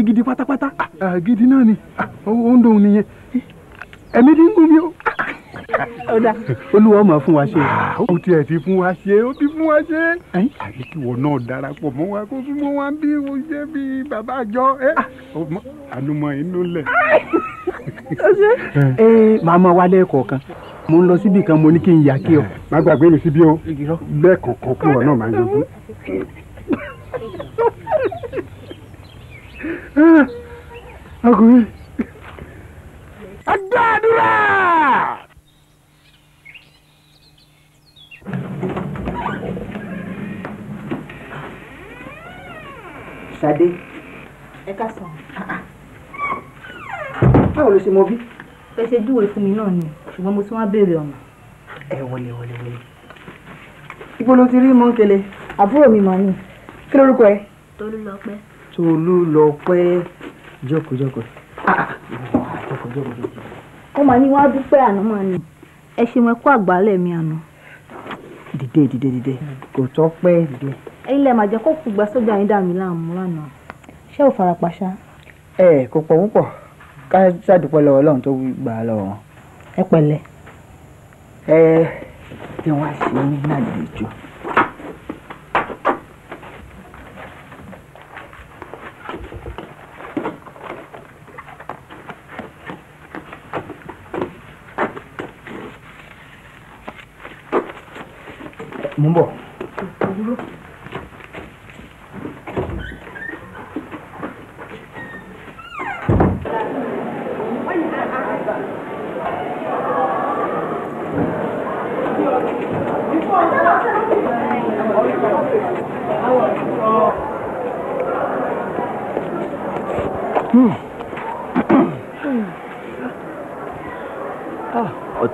gidigidi pátápátá. Ah, ah, gidi náà ni ah, ó ń dòun nìyẹn ẹ̀mí ti ń gún mi o. olúwa máa fún wa ṣe. ó tiẹ̀ ti fún wa ṣe ó ti fún wa ṣe. àyè kí wọn náà darapọ̀ mọ́ wa kó súnmọ́ wa bí o ṣe bí bàbá àjọ ànumọ̀ inú lẹ̀. màá mọ wálé kọ̀ọ̀kan mo ń lọ síbi kan mo ní kí n yà kí ọ. Eh. má gbàgbé mi síbí o bẹ́ẹ̀ kọ̀ọ̀kan kúrò náà máa ń yọjú. ẹ ká sàn. báwo ló ṣe mọ bí. ẹ ṣe júwèé fún mi náà ni ṣùgbọ́n mo tún wá béèrè ọ̀nà. ẹ wọlé wọlé wọlé. ibo ló ti rí mọ́ńkele àbúrò mi mà ní kí lórúkọ ẹ. Tolúlọpẹ́. Tolúlọpẹ́ jókòó jókòó. Ah, ah. jókòó jókòó jókòó. ó mà ní wá dúpẹ́ àná mà ní ẹ ṣe wọn kó àgbálẹ̀ mi àná. dìde dìde dìde kò tọ́ pẹ́ dìde. ẹ̀yin lẹ máa jẹ́ kó kú gba sójà yín dà mí láàmú lánàá ṣé ò farapa ṣá. ẹ kò pọ̀ púpọ̀ ká ṣàdúpẹ́ lọ́wọ́ ọlọ́run tó gbà á lọ́wọ́. ẹ pẹ̀lẹ́. ẹ bí wọ́n á ṣe ní àlejò. mo ń bọ̀.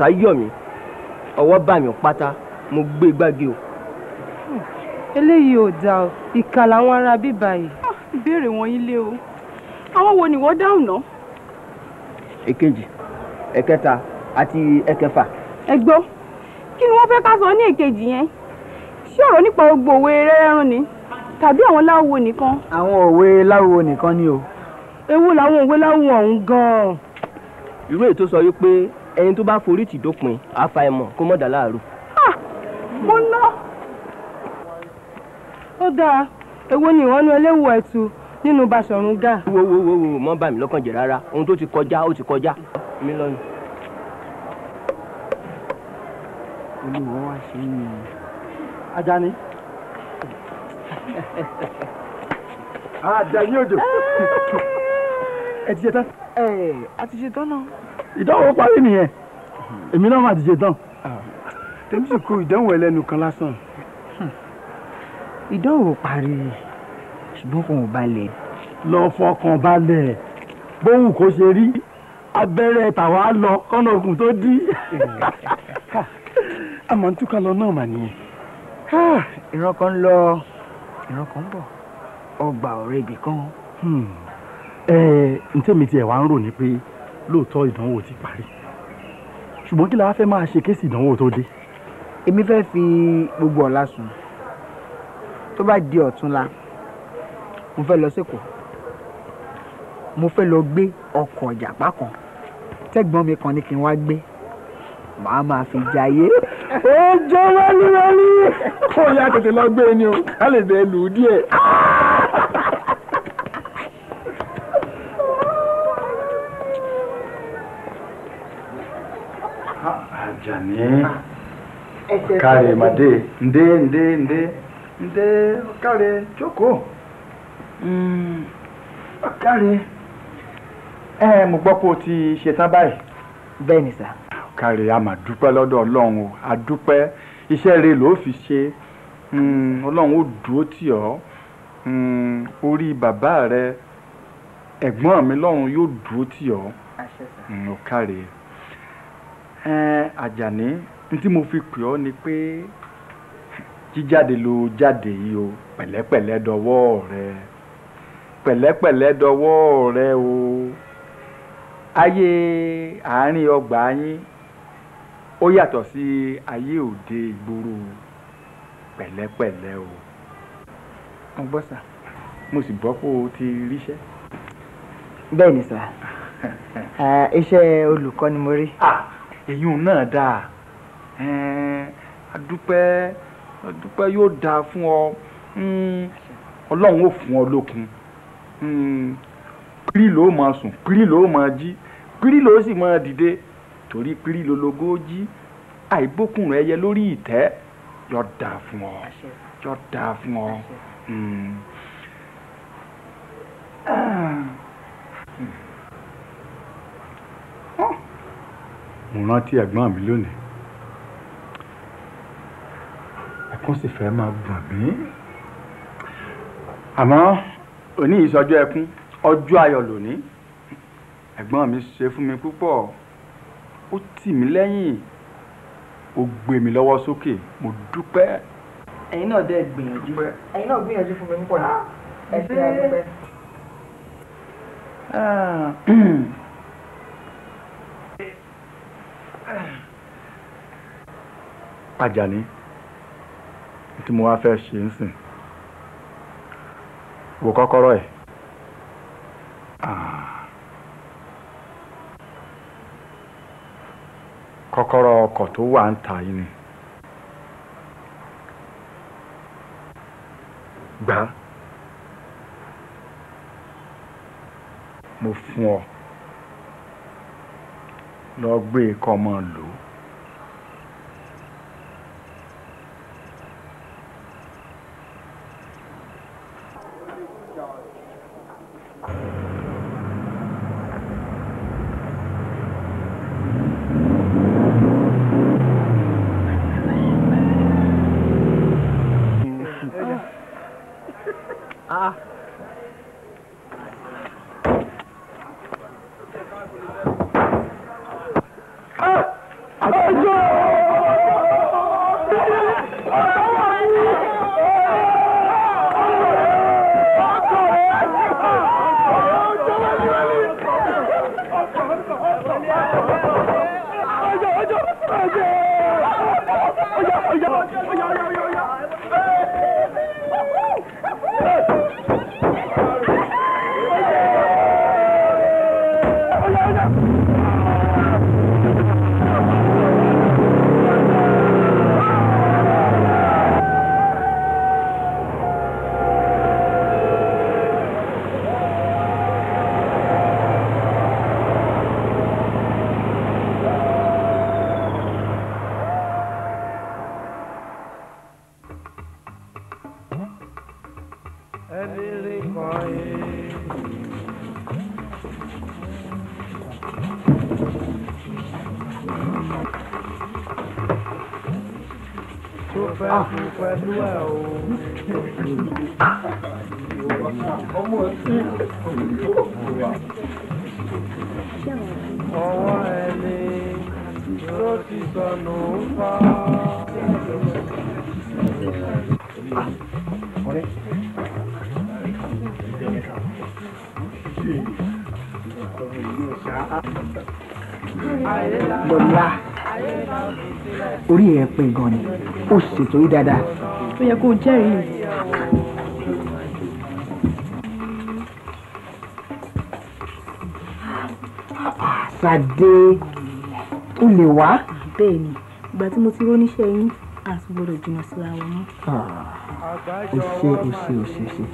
bá yọ̀ mí ọwọ́ bà mí pátá mo gbé gbági o. eléyìí ò dáa o ìkà làwọn ará bíbá yìí. Ah, ìbéèrè wọn yín lé o àwọn wo ni wọ́n dáhùn náà. èkejì ẹ̀kẹta àti ẹ̀kẹfà. ẹ gbọ́ kí ni wọ́n fẹ́ ká sọ ní èkejì yẹn ṣé ọ̀rọ̀ nípa gbogbo òwe rẹ́rẹ́rún ni tàbí àwọn láwo nìkan. àwọn òwe láwo nìkan ni o. ewu làwọn òwe láwo ọ̀hún gan-an. ìwé ètò sọ wípé ẹni tó bá forí tì dópin àfàìmọ̀ kó mọ̀ dà láàrú. Ah, mo ná ó dáa èwo ni ìwọ́nú eléwò ẹ̀tù nínú Baṣọ̀run Gáà. wo wo wo wo mọ bá mi lọ́kàn jẹ́ rárá ohun tó ti kọjá ó ti kọjá. mi lọ́nu. olùwọ́ wá ṣe ń yìn. Ajani. Àjàyí Òjò. Eh. ẹ ti ṣe tán. ẹ eh, a ti ṣe tán náà ìdánwò parí nìyẹn èmi náà má ti ṣe tán. Ah. tèmi sì kú ìdánwò ẹlẹ́nu kan lásán. ìdánwò parí ṣùgbọ́n kò balẹ̀. lọ fọkàn balẹ̀ bóun kò ṣe rí abẹ́rẹ́ tàwa lọ kọ́nà òkun tó dí. àmọ́ ntúkà lọ náà mà nìyẹn. ìran kan lọ ìran kan bọ̀ ọgbà ọ̀rẹ́ ibì kan. Hmm. ẹ ǹtẹ̀mí tiẹ̀ wá ń rò ní pé lóòótọ́ ìdánwò ti parí ṣùgbọ́n kí la fẹ́ máa ṣe kéèsì ìdánwò tó dé. èmi fẹ́ fi gbogbo ọ̀la sùn tó bá di ọ̀túnla mo fẹ́ lọ sẹ́kọ̀ọ́ mo fẹ́ lọ gbé ọkọ̀ ìjàpá kan tẹ́gbọ́n mi kan ní kí n wá gbé màá máa fi jayé. ó jẹ́ wálíwálí. kó o yá tètè lọ gbé e ni o ká lè bẹ́ẹ̀ lù ú díẹ̀. jani ah, kare made nde nde nde nde kare Choko mm ah, kare eh mo gbọ́ pé o ti ṣetán báyìí bẹ́ẹ̀ ni sà a máa dúpẹ́ lọ́dọ̀ Ọlọ́run o a dúpẹ́ iṣẹ́ rẹ ló fi ṣe hmm, Ọlọ́run ó dúró tì ọ́ hmm, orí bàbá rẹ ẹ̀gbọ́n mi lọ́run yóò dúró tì ọ́ ẹ àjàní ntí mo fi pè ọ́ ni pé jíjáde ló jáde yìí o pẹ̀lẹ́pẹ̀lẹ́ dọwọ́ rẹ pẹ̀lẹ́pẹ̀lẹ́ dọwọ́ rẹ o ayé àárín ọgbà yín ó yàtọ̀ sí ayé òde ìgboro pẹ̀lẹ́pẹ̀lẹ́ o mo gbọ́ sà mo sì gbọ́ pé o ti ríṣẹ́. bẹ́ẹ̀ ni sà iṣẹ́ olùkọ́ ni mo rí. ah èyún náà dáa adúpẹ́ adúpẹ́ yóò dáa fún ọ hmm, ọlọ́run ó fún ọ lókun hmm, pírí ló máa sùn pírí ló máa jí pírí ló sì máa dìde torí pírí lologo jí àìbókùn rẹ yẹ lórí ìtẹ́ yóò dáa fún ọ yóò dáa fún ọ. 嗯。mo rántí ẹ̀gbọ́n mi lónìí ẹkún sì fẹ́ máa gbọ̀n mí àmọ́ òní ìsọjọ́ ẹkún ọjọ́ ayọ̀ lónìí ẹ̀gbọ́n mi ṣe fún mi púpọ̀ ó tì mí lẹ́yìn ó gbé mi lọ́wọ́ sókè mo dúpẹ́. ẹ̀yin náà dẹ́ gbìyànjú ẹ̀yin náà gbìyànjú fún mi púpọ̀ náà ẹ ṣe àdúpẹ́. Àjàní tí mo wá fẹ́ ṣe ń sìn wò kọ́kọ́rọ́ ẹ̀ ah. kọ́kọ́rọ́ ọkọ̀ tó wà ń ta yìí ni gbà mo fún ọ lọ gbé e kọ́ mọ́ lò ó. ti sọnù fa. lọ́la orí ẹ̀ pé gan ni ó ṣètò yìí dáadáa. ó yẹ kó o jẹ́rìí. Sade, o lè wá bẹ́ẹ̀ ni ìgbà tí mo ti róníṣẹ́ yín àti gbọ́dọ̀ jìnnà síra wọn mọ́. o ṣe o ṣe o ṣe ṣe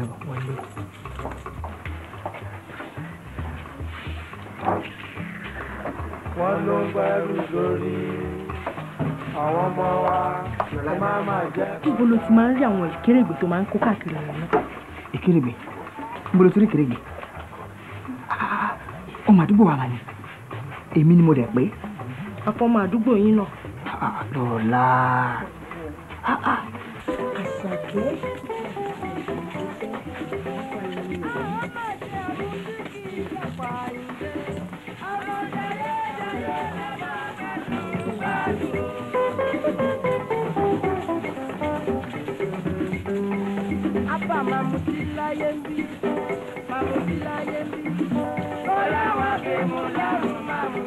ẹ wọlé. wọ́n ló ń gbẹ́rù sórí àwọn ọmọ wa ló máa máa jẹ́. níbo ló ti máa ń rí àwọn ìkérègbè tó máa ń kó káàkiri àwọn náà. ìkérègbè níbo ló ti rí ìkérègbè ah, ọmọ àdúgbò wa mà ni èmi ni mo dẹ̀ pé àpọ̀mọ àdúgbò yín náà. lọ́la. àṣàkẹ́. Mamuti yembi, mamuti yembi, olawa ke mulamu. Ah, máa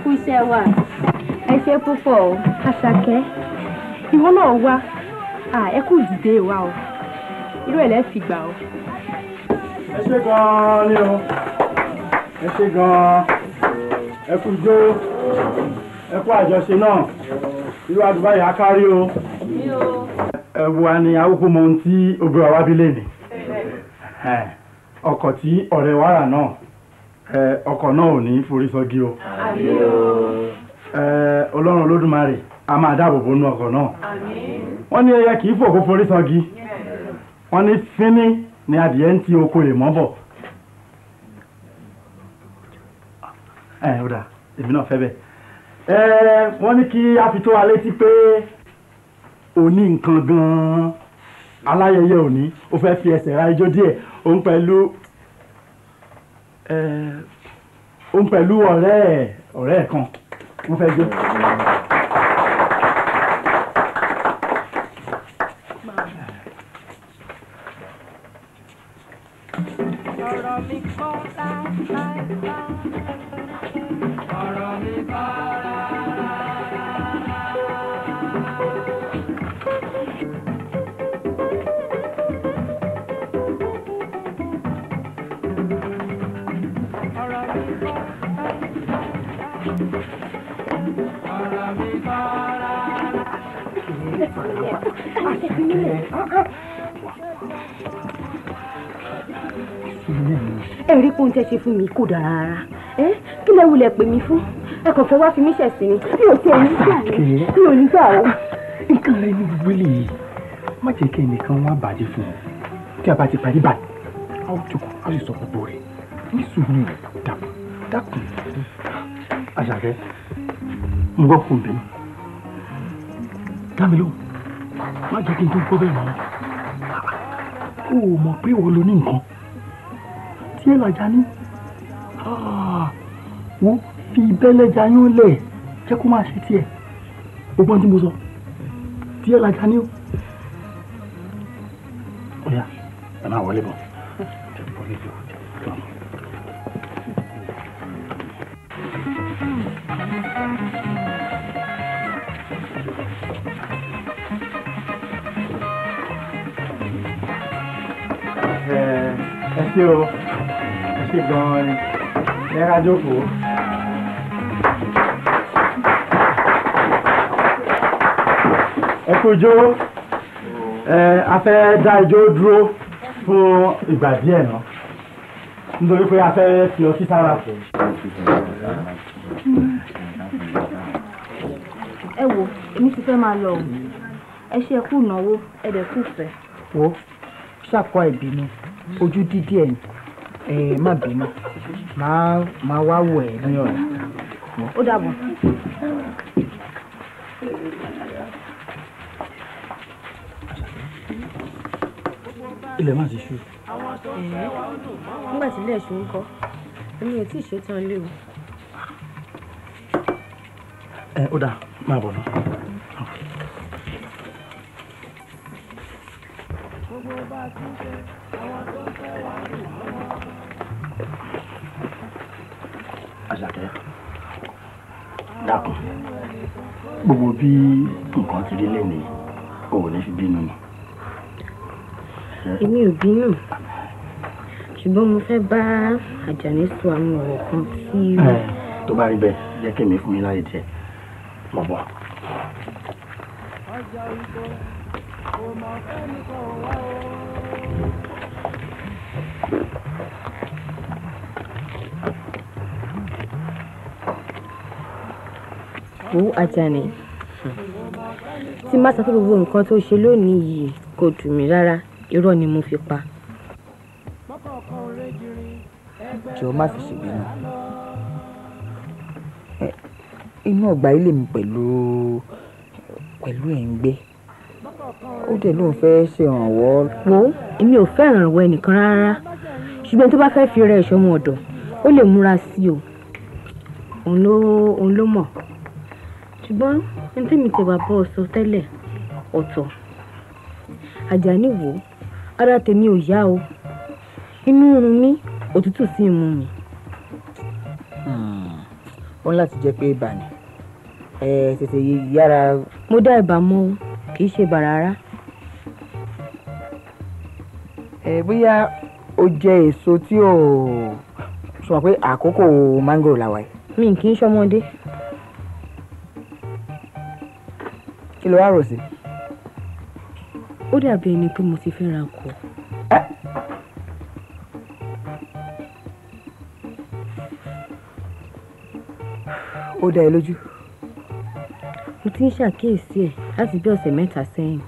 kú iṣẹ́ wa. ẹ ṣe púpọ̀ o. àṣàkẹ́ ìwọ náà wá ah, ẹ kú dìde wa o irú ẹ̀ lẹ́ fi gbà o ẹ ṣe gan-an ni o ẹ ṣe gan-an ẹ kú jó ẹ kú àjọṣe náà irú àdúrà yà á kárí o ẹ wo ni àwòkọ́ mọ ohun tí obìnrin wa bí lè ní ọkọ̀ tí ọ̀rẹ́ wa rà náà ọkọ̀ náà ò ní forí sọ́gi o ọlọ́run olódùmarè a máa dáàbò bo nú ọkọ̀ náà wọ́n ní ẹyẹ kì í fò kó forí sọ́gi wọ́n ní fínní ni adìyẹ ń ti oko rẹ̀ mọ́ bọ̀ ẹ ẹ ọ̀dà èmi náà fẹ́ bẹ́ẹ̀ ẹ wọ́n ní kí a fi tó wa létí pé òní nǹkan gan-an aláyẹyẹ òní ó fẹ́ fi ẹsẹ̀ ra díẹ̀ òun pẹ̀lú òun pẹ̀lú ọ̀rẹ́ ẹ̀ ọ̀rẹ́ ẹ̀ kan wọ́n fẹ́ jó. tẹ́ ṣe fún mi kò dára rárá ẹ kí lẹ wulẹ̀ pè mí fún ẹ kàn fẹ́ wá fi mí ṣẹ̀sìn ni mi ò tí ẹ nígbà mi ò nígbà o. nǹkan rẹ ní gbogbo eléyìí má jẹ́ kí ẹnìkan wá bàjẹ́ fún ọ tí a bá ti parí báyìí a ó jókòó a sì sọ gbogbo rẹ ní sùúrù dàpọ̀ dàpọ̀ àṣàkẹ́ ń gbọ́ fún bẹ́ẹ̀ dámi lóhùn má jẹ́ kí n tó gbọ́ bẹ́ẹ̀ mọ́ o mọ̀ pé ìwọ ló ní nǹkan ṣé lọ́jà ní ah, wo fi bẹ́lẹ́jà yín lẹ̀ jẹ́ kó máa ṣe tiẹ̀ ọgbọ́n tí mo sọ tiẹ̀ lọ́jà ní o. ó yá ẹ máa wọlé bọ̀. pàtàkì gan-an ni lẹ́ka jókòó. ẹ kojó ẹ a fẹ́ dá ijó dúró fún ìgbà díẹ̀ náà nítorí pé a fẹ́ fi ọtí sára. ẹ wo èmi ti fẹ́ máa lọ o ẹ ṣe kú ìnáwó ẹ dẹ̀ kú fẹ́. wo ṣàkóso ìbínú ojú dídí ẹ̀yìn ẹ má bínú máa wá wò ẹ ní ọ̀la. ó dàbọ̀. ilẹ̀ máa ti ṣú. nígbà tí ilé ẹ̀ṣù ń kọ́ èmi ò tí ì ṣetán lé o. ẹ ó dáa máa bọ̀ náà. gbogbo bá a tún ṣe àwọn tó ń fẹ́ wá lò. dákun gbogbo bí nǹkan ti rí lẹ́nu o ò ní fi bínú ni. èmi ò bínú ṣùgbọ́n mo fẹ́ bá Àjàní sọ àwọn ọ̀rọ̀ kan tí. tó bá rí bẹ́ẹ̀ jẹ́ kí èmi fún mi láyè tiẹ̀ mọ̀ bọ̀. Thank you. fún Àjàní tí má sọ pé gbogbo nǹkan tó ṣe lónìí yìí kò dùn mí rárá irọ́ ni mo fi pa. jọ má fi ṣèbínú inú ọgbà ilé mi pẹ̀lú pẹ̀lú ẹ̀ ń gbé ó dẹ̀ lóun fẹ́ ṣèrànwọ́. wo èmi ò fẹ́ ìrànwọ́ ẹnìkan rárá ṣùgbọ́n tó bá fẹ́ fi rẹ̀ ṣọmọ ọ̀dọ̀ ó lè múra sí o òun ló mọ̀ ṣùgbọ́n ní tí mi ti wà bọ́ sọ tẹ́lẹ̀ ọ̀tọ̀ Àjàní wò ara tèmi ò yá o inú run mi òtútù sì ń mú mi. Hmm. ó ní láti jẹ́ pé ibà ni ẹ tètè yára. mo dá ibà mọ́ o kì í ṣe ibà rárá. ẹ bóyá o jẹ èso tí o sọ pé àkókò mángòrò làwà yìí. mi kì í ṣọmọdé. kí ló wá rò sí. ó dàbí ẹni pé mo ti fẹ́ ra ọkọ̀. ó dá ẹ lójú. mo ti ń ṣàkíyèsí ẹ láti bí ọ̀sẹ̀ mẹ́ta sẹ́yìn.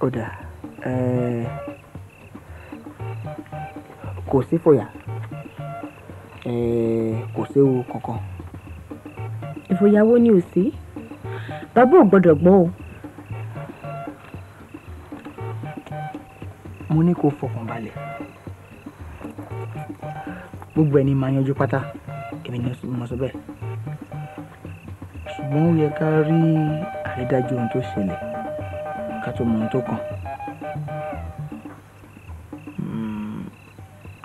ó dà kò sí fòyà kò séwu kankan ìfòyàwó ni ò sí bàbá ò gbọ́dọ̀ gbọ́ o. mo ní kó fọkàn balẹ̀ gbogbo ẹni máa yanjú pátá èmi ni mo sọ bẹ́ẹ̀ ṣùgbọ́n ó yẹ ká rí àrídájú ohun tó ṣẹlẹ̀ ká tó mọ ohun tó kàn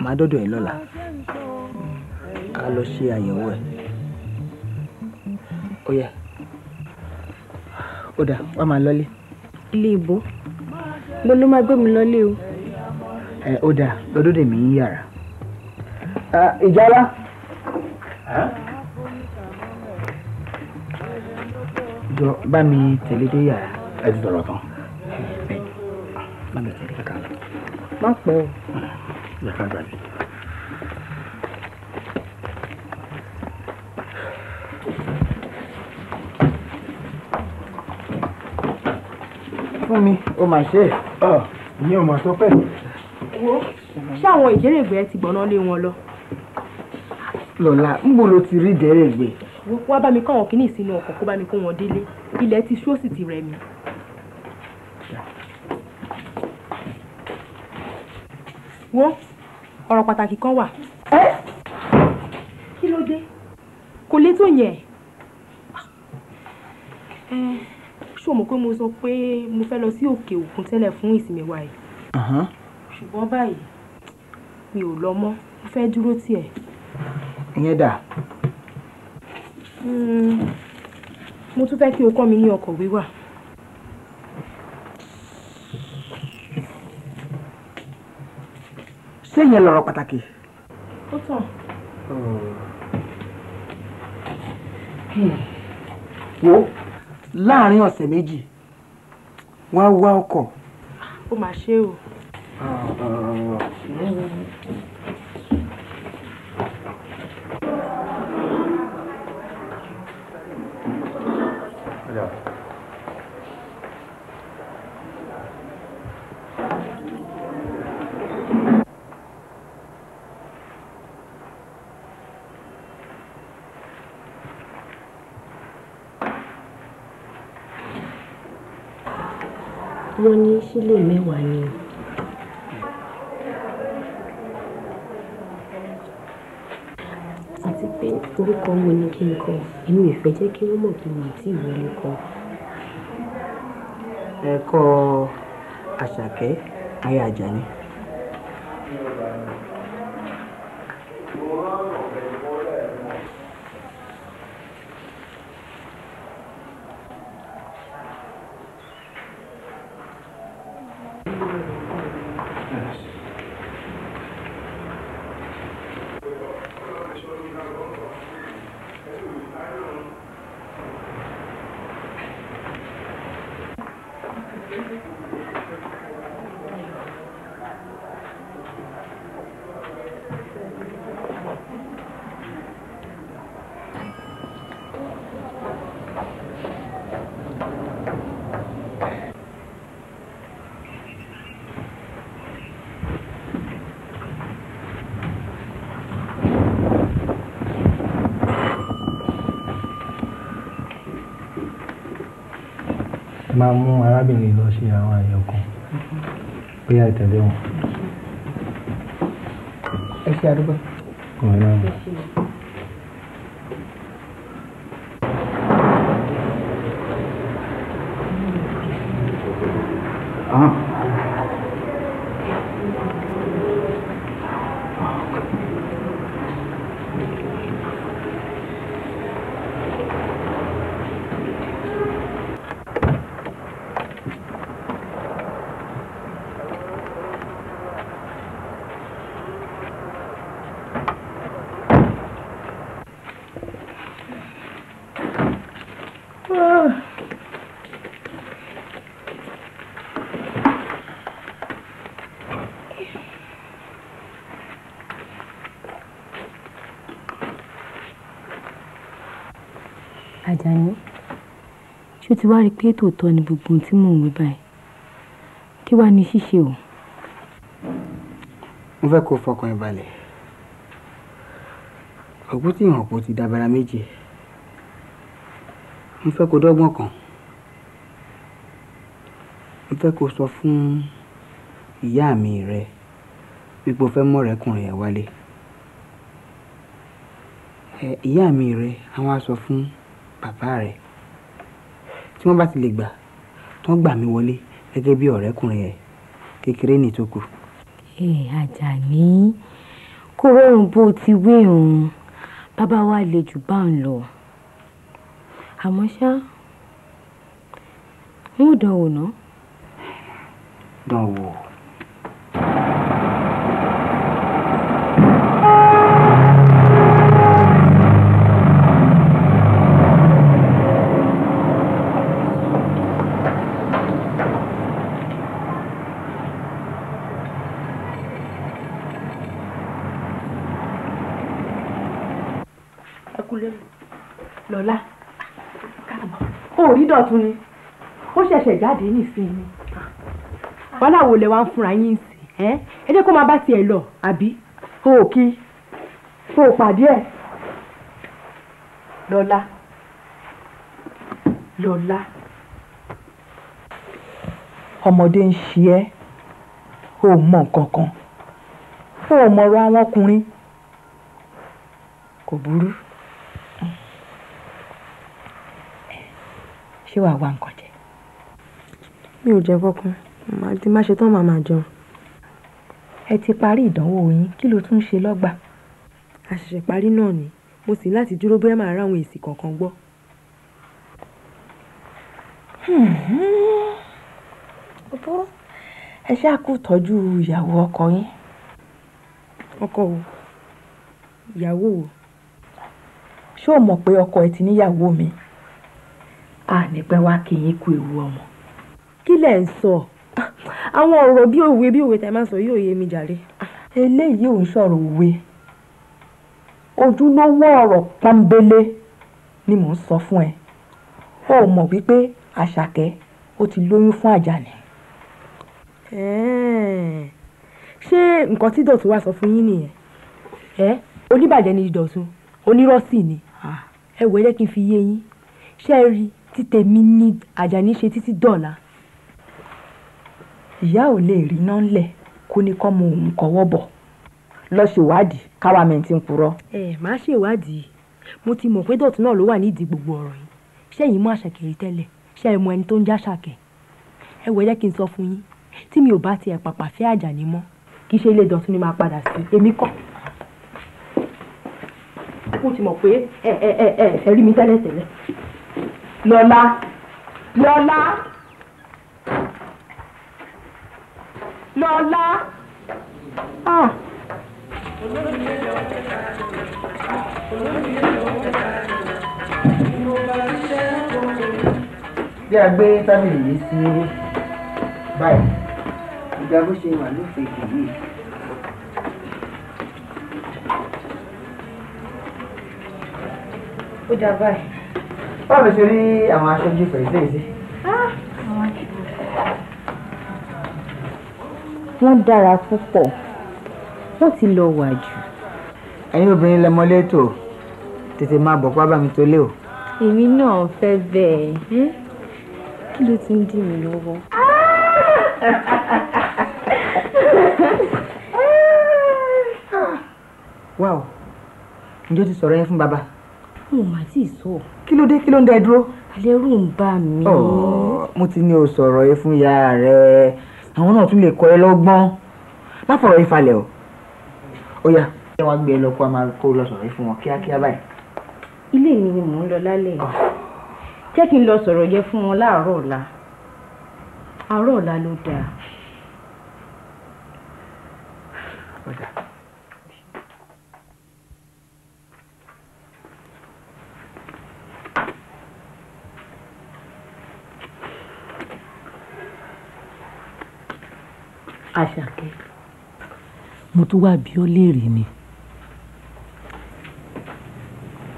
máa hmm, dọ́dọ̀ ẹ̀ lọ́la ká lọ ṣe àyẹ̀wò ẹ̀ oh yeah Oda dà wọ́n máa lọ́lé. ilé ìbò mo ló máa gbé mi lọ́lé o. ẹ ó dà lọ́dún dèmí ń yàrá. ìjálá. jọ bá mi tẹ̀lé dé yàrá ẹ ti dọ̀rọ̀ tán. bá mi tẹ̀lé kankan. má pẹ́ o. yàrá gbàgbé. fún mi o mà ṣe é ìyẹn ò mà tó pẹ́. wo ṣé àwọn ìjẹ́rẹ̀gbẹ́ ti gbọ́ná lé wọn lọ. lọ́la ńbo ló ti rí ìjẹ́rẹ̀gbẹ́. wọ́n bá mi kọ́ àwọn kìíní sínú ọkọ̀ kó bá mi kó wọn délé ilẹ̀ ti ṣú ó sì ti rẹ̀ mí. wo ọ̀rọ̀ pàtàkì kan wà. kí ló dé? kò lè tó yẹn pé mo sọ pé mo fẹ́ lọ sí òkè òkun tẹ́lẹ̀ fún ìsinmi wa yìí. ṣùgbọ́n báyìí mi ò lọ mọ́ mo fẹ́ dúró tiẹ̀. ìyẹn dà. Hmm, mo tún fẹ́ kí o kọ́ mi ní ọkọ̀ wíwà. ṣé ìyẹn lọ̀rọ̀ pàtàkì. ó tàn. Hmm. wo láàárín ọ̀sẹ̀ méjì wá wá ọkọ̀. ó mà ṣe o. Ah, ah, ah, wọ́n ní sílé mẹ́wàá ni o. àti pé orúkọ wo ni kí n kọ èmi ò fẹ́ jẹ́ kí wọ́n mọ̀ pé mi tí ìwé ló kọ. ẹ kọ àṣàkẹ́ ayé ajá ni. ẹ máa mú arábìnrin lọ ṣe àwọn àyẹ̀wò kan bóyá ìtẹ̀lé wọn. ẹ ṣe àdúgbò. ọ̀rẹ́ náà bẹ̀rẹ̀. ti wá rí i pé tòótọ́ ni gbogbo ohun tí mò ń wí báyìí kí wàá ní ṣíṣe o. mo fẹ́ kó fọkàn ẹ̀ balẹ̀ òkú tí ìhàn kò ti dabara méje mo fẹ́ kó dọ́gbọ́n kan mo fẹ́ kó sọ fún ìyá mi rẹ wípé o fẹ́ mọ̀ ọ̀rẹ́kùnrin ẹ̀ wálé ìyá mi rẹ àwọn á fún bàbá rẹ̀ tí wọ́n bá ti lè gbà tí wọ́n gbà mí wọlé gẹ́gẹ́ bí ọ̀rẹ́kùnrin ẹ̀ kékeré ní ìtókù. ẹ Àjàní kó rọrùn bó ti wéèrùn bàbá wa lè jù bá ń lọ àmọ́ ṣá ń dánwò náà. dánwò pàdé nísìnyí wàhálà wo lẹ wá ń fúnra yín sí ẹ ẹ jẹ́ kó máa bá tiẹ̀ lọ àbí o ò kí o ò pàdé ẹ̀ lọ́lá lọ́lá ọmọdé ń ṣe ẹ́ o ò mọ nǹkan kan o ò mọ̀rọ̀ àwọn ọkùnrin kò burú ṣé wàá wá nǹkan jẹ mi ò jẹ kankan màá ti má ṣe tán màá máa jẹun. ẹ ti parí ìdánwò yín kí ló tún ń ṣe lọ́gbà. a ṣẹ̀ṣẹ̀ parí náà ni mo sì láti dúró bóyá màá ráwọn èsì kankan gbọ́. ọ̀bọ̀rọ̀ hmm. ẹ ṣáà kú tọ́jú ìyàwó ọkọ yín. ọkọ wo ìyàwó wo. ṣé o mọ̀ pé ọkọ ẹ ti níyàwó mi? a ní pẹ́ wá kí yín kú ewu ọmọ kí lẹ̀ ń sọ àwọn ọ̀rọ̀ bí òwe bí òwe tẹ́ máa sọ yóò yé mi jàre. eléyìí ò ń sọ̀rọ̀ òwe ojúlówó ọ̀rọ̀ pọ́nbélé ni mò ń sọ fún ẹ ó mọ̀ wípé àṣàkẹ́ ó ti lóyún fún àjàní. ṣé nǹkan tí dọ̀tún wá sọ fún yín nìyẹn ẹ oníbàjẹ́ ni dọ̀tún onírọ́sì ni ẹ wò ẹ jẹ́ kí n fi yé yín ṣé ẹ rí títẹ̀mí ni ṣe títí dọ̀la ìyá ò lè rí iná ńlẹ̀ kó ní kọ́mọ òun kọ́wọ́ bọ̀ lọ ṣèwádìí káwa mẹ́ǹtì ń purọ́. ẹ má ṣèwádìí mo ti mọ̀ pé dọ̀tún náà ló wà nídìí gbogbo ọ̀rọ̀ yìí ṣẹ́yìn mú àṣàkè rí tẹ́lẹ̀ ṣe é mọ ẹni tó ń já ṣàkẹ́ ẹ wọ ẹ kí n sọ fún yín tí mi ò bá tiẹ̀ pàpà fẹ́ àjàní mọ́ kì ṣe ilé dọ̀tún ni máa padà sí èmi kọ́ kó ti mọ̀ pé ẹ ẹ ẹ ẹ ẹ rí mi tẹ́lẹ̀ tẹ́lẹ̀ lọ́lá lọ́lá lọ́lá. bí ah. a gbé tábìlì yìí sí báyìí ìgbà bó ṣe wà ló fèkì yìí. ó dà báyìí. báwo ló ṣe rí àwọn aṣojú fèrèsé yìí ah, wọ́n dára púpọ̀ wọ́n ti lọ wà jù. ẹ̀yin obìnrin lẹmọ létò tètè máa bọ̀ pábà mi tó lé o. èmi náà fẹ́ bẹ́ẹ̀ kí ló ti ń dì mí lọ́wọ́. wá o ǹjẹ́ o ti sọ̀rọ̀ yẹn fún bàbá. mo mà tí ì sọ. kí ló dé kí ló ń da ẹ dúró. alẹ́ rò ń bà mí. Oh, mo ti ní o sọ̀rọ̀ yẹn fún ìyá rẹ̀ àwọn náà tún lè kọ́ ẹ lọ́gbọ́n má fọ̀rọ̀ yìí falẹ̀ o ó yá. ṣé wàá gbé ẹ lọ kó a máa kó lọ sọ̀rọ̀ yìí fún wọn kíákíá báyìí. ilé mi ni mò ń lọ lálẹ́ yìí ah. jẹ́ kí n lọ sọ̀rọ̀ yẹn fún wọn láàárọ̀ ọ̀la àárọ̀ ọ̀la ló dáa. àṣàkẹ́ mo tún wáá bí ọ léèrè ni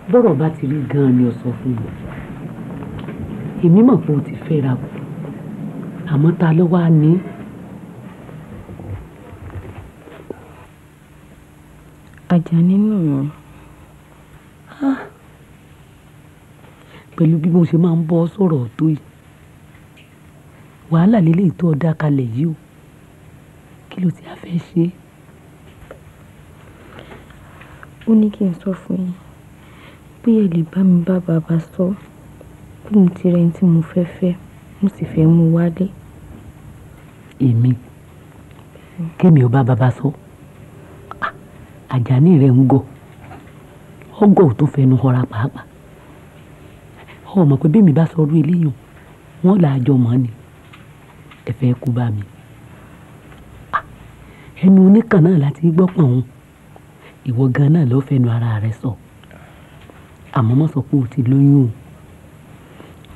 bọ́rọ̀ bá ti rí gan-an ni ọ sọ fún mi èmi mọ̀ pé o ti fẹ́ra o àmọ́ ta ló wá ní. àjà nínú wọn. pẹ̀lú bí mo ṣe máa ń bọ́ sọ̀rọ̀ tó yìí wàhálà lélẹ́yìí tó ọ dá kalẹ̀ yìí o kí ló ti a fẹ́ ṣe? Ó ní kí n sọ fún yín pé ẹ lè bá mi bá bàbá sọ pé mo ti rẹ ẹni tí mo fẹ́ fẹ́ mo sì fẹ́ mú wálé. Èmi kémi ò bá bàbá sọ. Ah, Àjàní rẹ̀ ń gọ̀. Ọ̀gọ̀ ò tó fẹnu họra pàápàá. Ó pé bí èmi bá sọ irú eléyìí, wọ́n là á jọ mọ̀ ni. Ẹ fẹ́ kú bá mi ẹnu oníkan náà láti gbọ́ pọ̀ òun ìwọ gan náà ló fẹnu ara rẹ sọ àmọ́ mọ́ sọ pé o ti lóyún o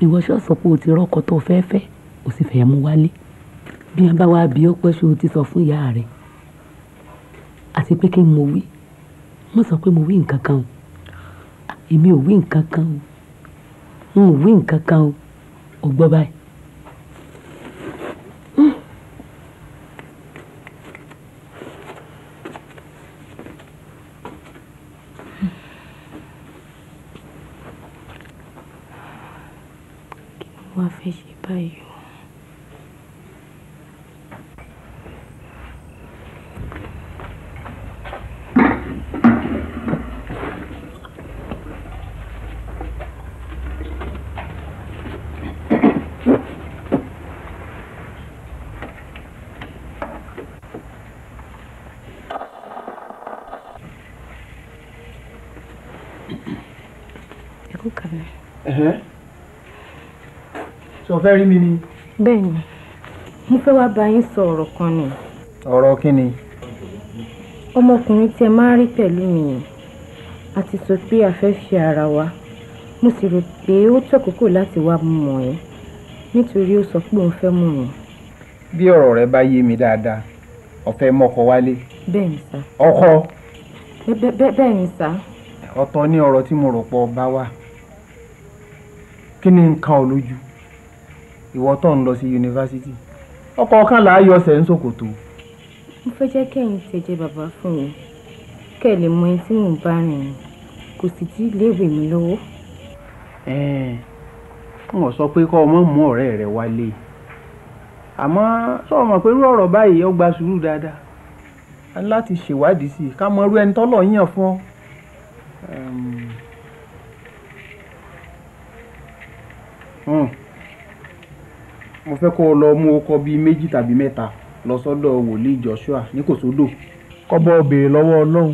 ìwọ ṣọ́ sọ pé o ti rọ́kọ tó fẹ́ fẹ́ o sì fẹ́ mú wálé bí wọn bá wá bí ọ pẹ́ ṣé o ti sọ fún ìyá rẹ àti pé kí n mo wí mo sọ pé mo wí nǹkan kan o èmi ò wí nǹkan kan o n ò wí nǹkan kan o ò gbọ́ báyìí. uma vez de paiu. É com Uhum. fẹ́ rí mi ni. bẹ́ẹ̀ni mo fẹ́ wá bá yín sọ ọ̀rọ̀ kan ni. ọ̀rọ̀ kí ni. ọmọkùnrin tí ẹ máa rí pẹ̀lú mi yìí a ti sọ pé a fẹ́ fi ara wa mo sì rò pé ó tọ́kókò láti wá mọ̀ ẹ́ nítorí ó sọ pé òun fẹ́ mọ̀ ẹ́. bí ọ̀rọ̀ rẹ bá yé mi dáadáa ọ̀fẹ́ mọ́kọ wálé. bẹ́ẹ̀ni sá. ọkọ. bẹ́ẹ̀ni sá. ọ̀tọ̀ ni ọ̀rọ̀ tí mo rò pọ̀ bá wà kí ni nǹkan ò lójú ìwọ tó ń lọ sí yunifásitì ọkọ̀ kan là á yọ ọsẹ̀ ń ṣòkòtò. mo fẹ́ jẹ́ kẹ́yìn tẹ̀jẹ̀ bàbá fún mi kẹ́ ẹ̀ lè mọ ẹni tí mò ń bá rìn kò sì tí ì léèwé mi lọ́wọ́. ẹ ẹ n ò sọ pé kọ́ ọmọ mú ọ̀rẹ́ rẹ wálé àmọ́ sọ̀rọ̀ mọ̀ pé irú ọ̀rọ̀ báyìí ó sùúrù dáadáa láti ṣèwádìí sí i ká mọ irú ẹni tọ́lọ̀ yàn fún ọ. Um. Mm mo fẹ́ kó o lọ mú ọkọ bíi méjì tàbí mẹ́ta lọ sọ́dọ̀ wòlíì Joshua ní kòsódò. kọ́bọ̀ béèrè lọ́wọ́ ọlọ́run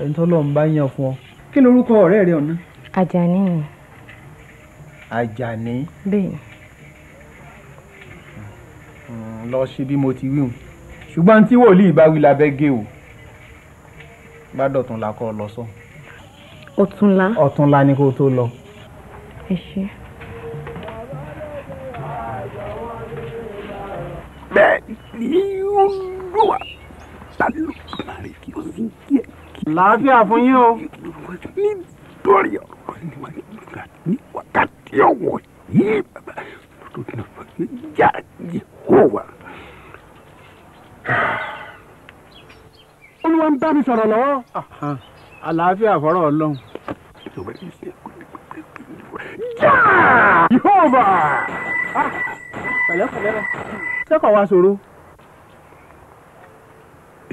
ẹni tó lọ́run bá yàn fún ọ. kí lorúkọ ọ̀rẹ́ rẹ ọ̀nà. Àjàní ni. Àjàní. bẹ́ẹ̀. Hmm, lọ ṣe bí mo ti wí hùn ṣùgbọ́n tí wòlíì bá wí labẹ́ gé o bá dọ̀tún la kọ́ lọ sọ. ọ̀túnla. ọ̀túnla ni kó o tó lọ. ẹ ṣe. bẹ́ẹ̀ ni olúwa balùwẹ̀ kí o sì yẹ. làáfíà fún yín o. nítorí ọ̀rọ̀ ni wọ́n ní ìgbà ní wákàtí ọ̀wọ̀ yìí bàbá tó nà fún jáde hó wa. olúwa ń bá mi sọ̀rọ̀ lọ́wọ́. àlàáfíà fọ́rọ̀ ọlọ́run. ìjọba yìí ṣe yehova. pẹ̀lẹ́pẹ̀lẹ́ rẹ sẹ́kọ̀ọ́ wa ṣòro.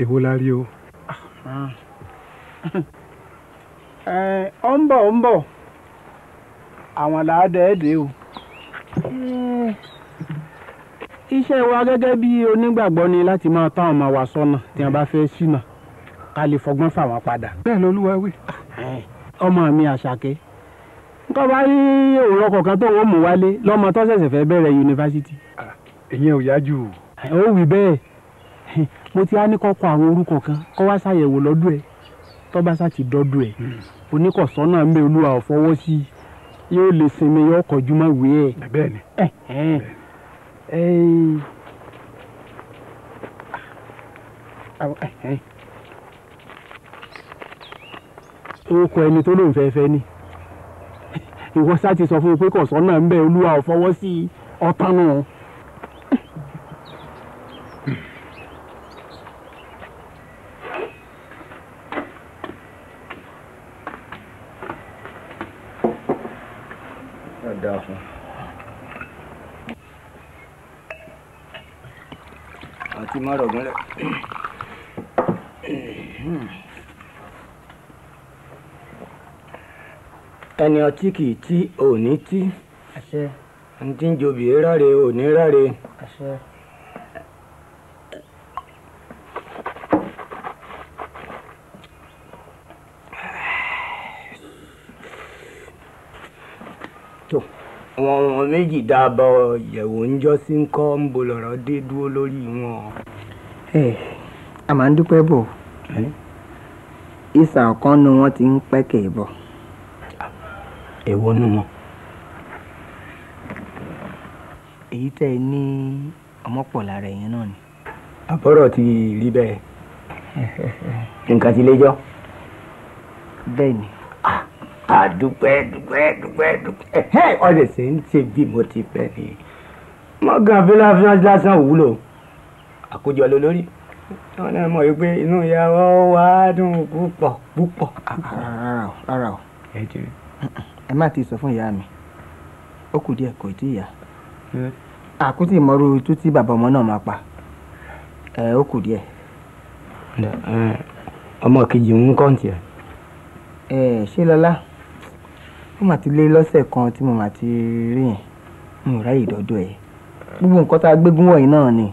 èwo la rí o. ọ ah, ah. eh, ń bọ̀ ọ ń bọ̀ àwọn làádẹ́ẹ̀dẹ́ o. Eh, iṣẹ́ wa gẹ́gẹ́ bí onígbàgbọ́ ni láti máa tọ́ àwọn ọmọ wa sọ́nà tí wọ́n bá fẹ́ ṣìnà ká lè fọgbọ́n fà wọ́n padà. bẹ́ẹ̀ ni olúwa wí. Eh, ọmọ mi àṣàkẹ́ tó bá rí òrò kọ̀ọ̀kan tó wọ́n mú wálé lọ́mọ tó ṣẹ̀ṣẹ̀ fẹ́ bẹ̀rẹ̀ yunifásitì. ìyẹn ò yájú o. ó wí bẹ́ẹ̀ mo ti á ní kọ́ kọ àwọn orúkọ kan kọ́ wá ṣàyẹ̀wò lọ́dún ẹ̀ ti dọ́dún ẹ̀ hmm. oníkọ̀sọ́nà ń bẹ olúwa ò fọwọ́ sí i yóò lè sinmi yóò kọjú mọ́ ìwé ni. ìwọ sá ti sọ fún mi pé kọ̀sán náà ń bẹ olúwa ò fọwọ́ sí ọtán náà. àti mọ́rọ̀ gúnlẹ̀. ẹni ọtí kì í tí òní tí ẹni tí ń jobì rọ́re òní wọn wọn méjì dábọ yẹ̀wò ń jọ sí ń kọ́ ń bo dé wọn. ẹ a máa ń dúpẹ́ bò ọ̀kan nu wọn ti ń pẹ́kẹ̀ èwo nù wọn. èyí tẹ́ ẹ ní ọmọpọ̀ lára ẹ̀yìn náà ni. àbọ̀rọ̀ ti rí bẹ́ẹ̀. nǹkan ti léjọ́. bẹ́ẹ̀ ni. àdúpẹ́ ah, dúpẹ́ dúpẹ́ dúpẹ́ ọ̀rẹ́ sì ń ṣe bí mo ti fẹ́ ni. mọ́gàn fíláfíà lásán wúlò àkójọ lólórí wọn náà mọ̀ wípé inú ìyàwó wa dùn púpọ̀ púpọ̀. Ah, rárá o rárá o ẹ ti rí ẹ má ti sọ fún ìyá mi ó kù díẹ̀ kò tí ì yá àkútì mọ́rú tó tí bàbá ọmọ náà máa pa ẹ ó kù díẹ̀. ọmọ kejì ń kọ́ ní tiẹ̀. ẹ ṣé lọ́lá ó mà ti lé lọ́sẹ̀ kan tí mo mà ti rí yẹn n ráyè dọ́dọ̀ ẹ̀ gbogbo nǹkan tá a gbégún wọ̀nyí náà ni.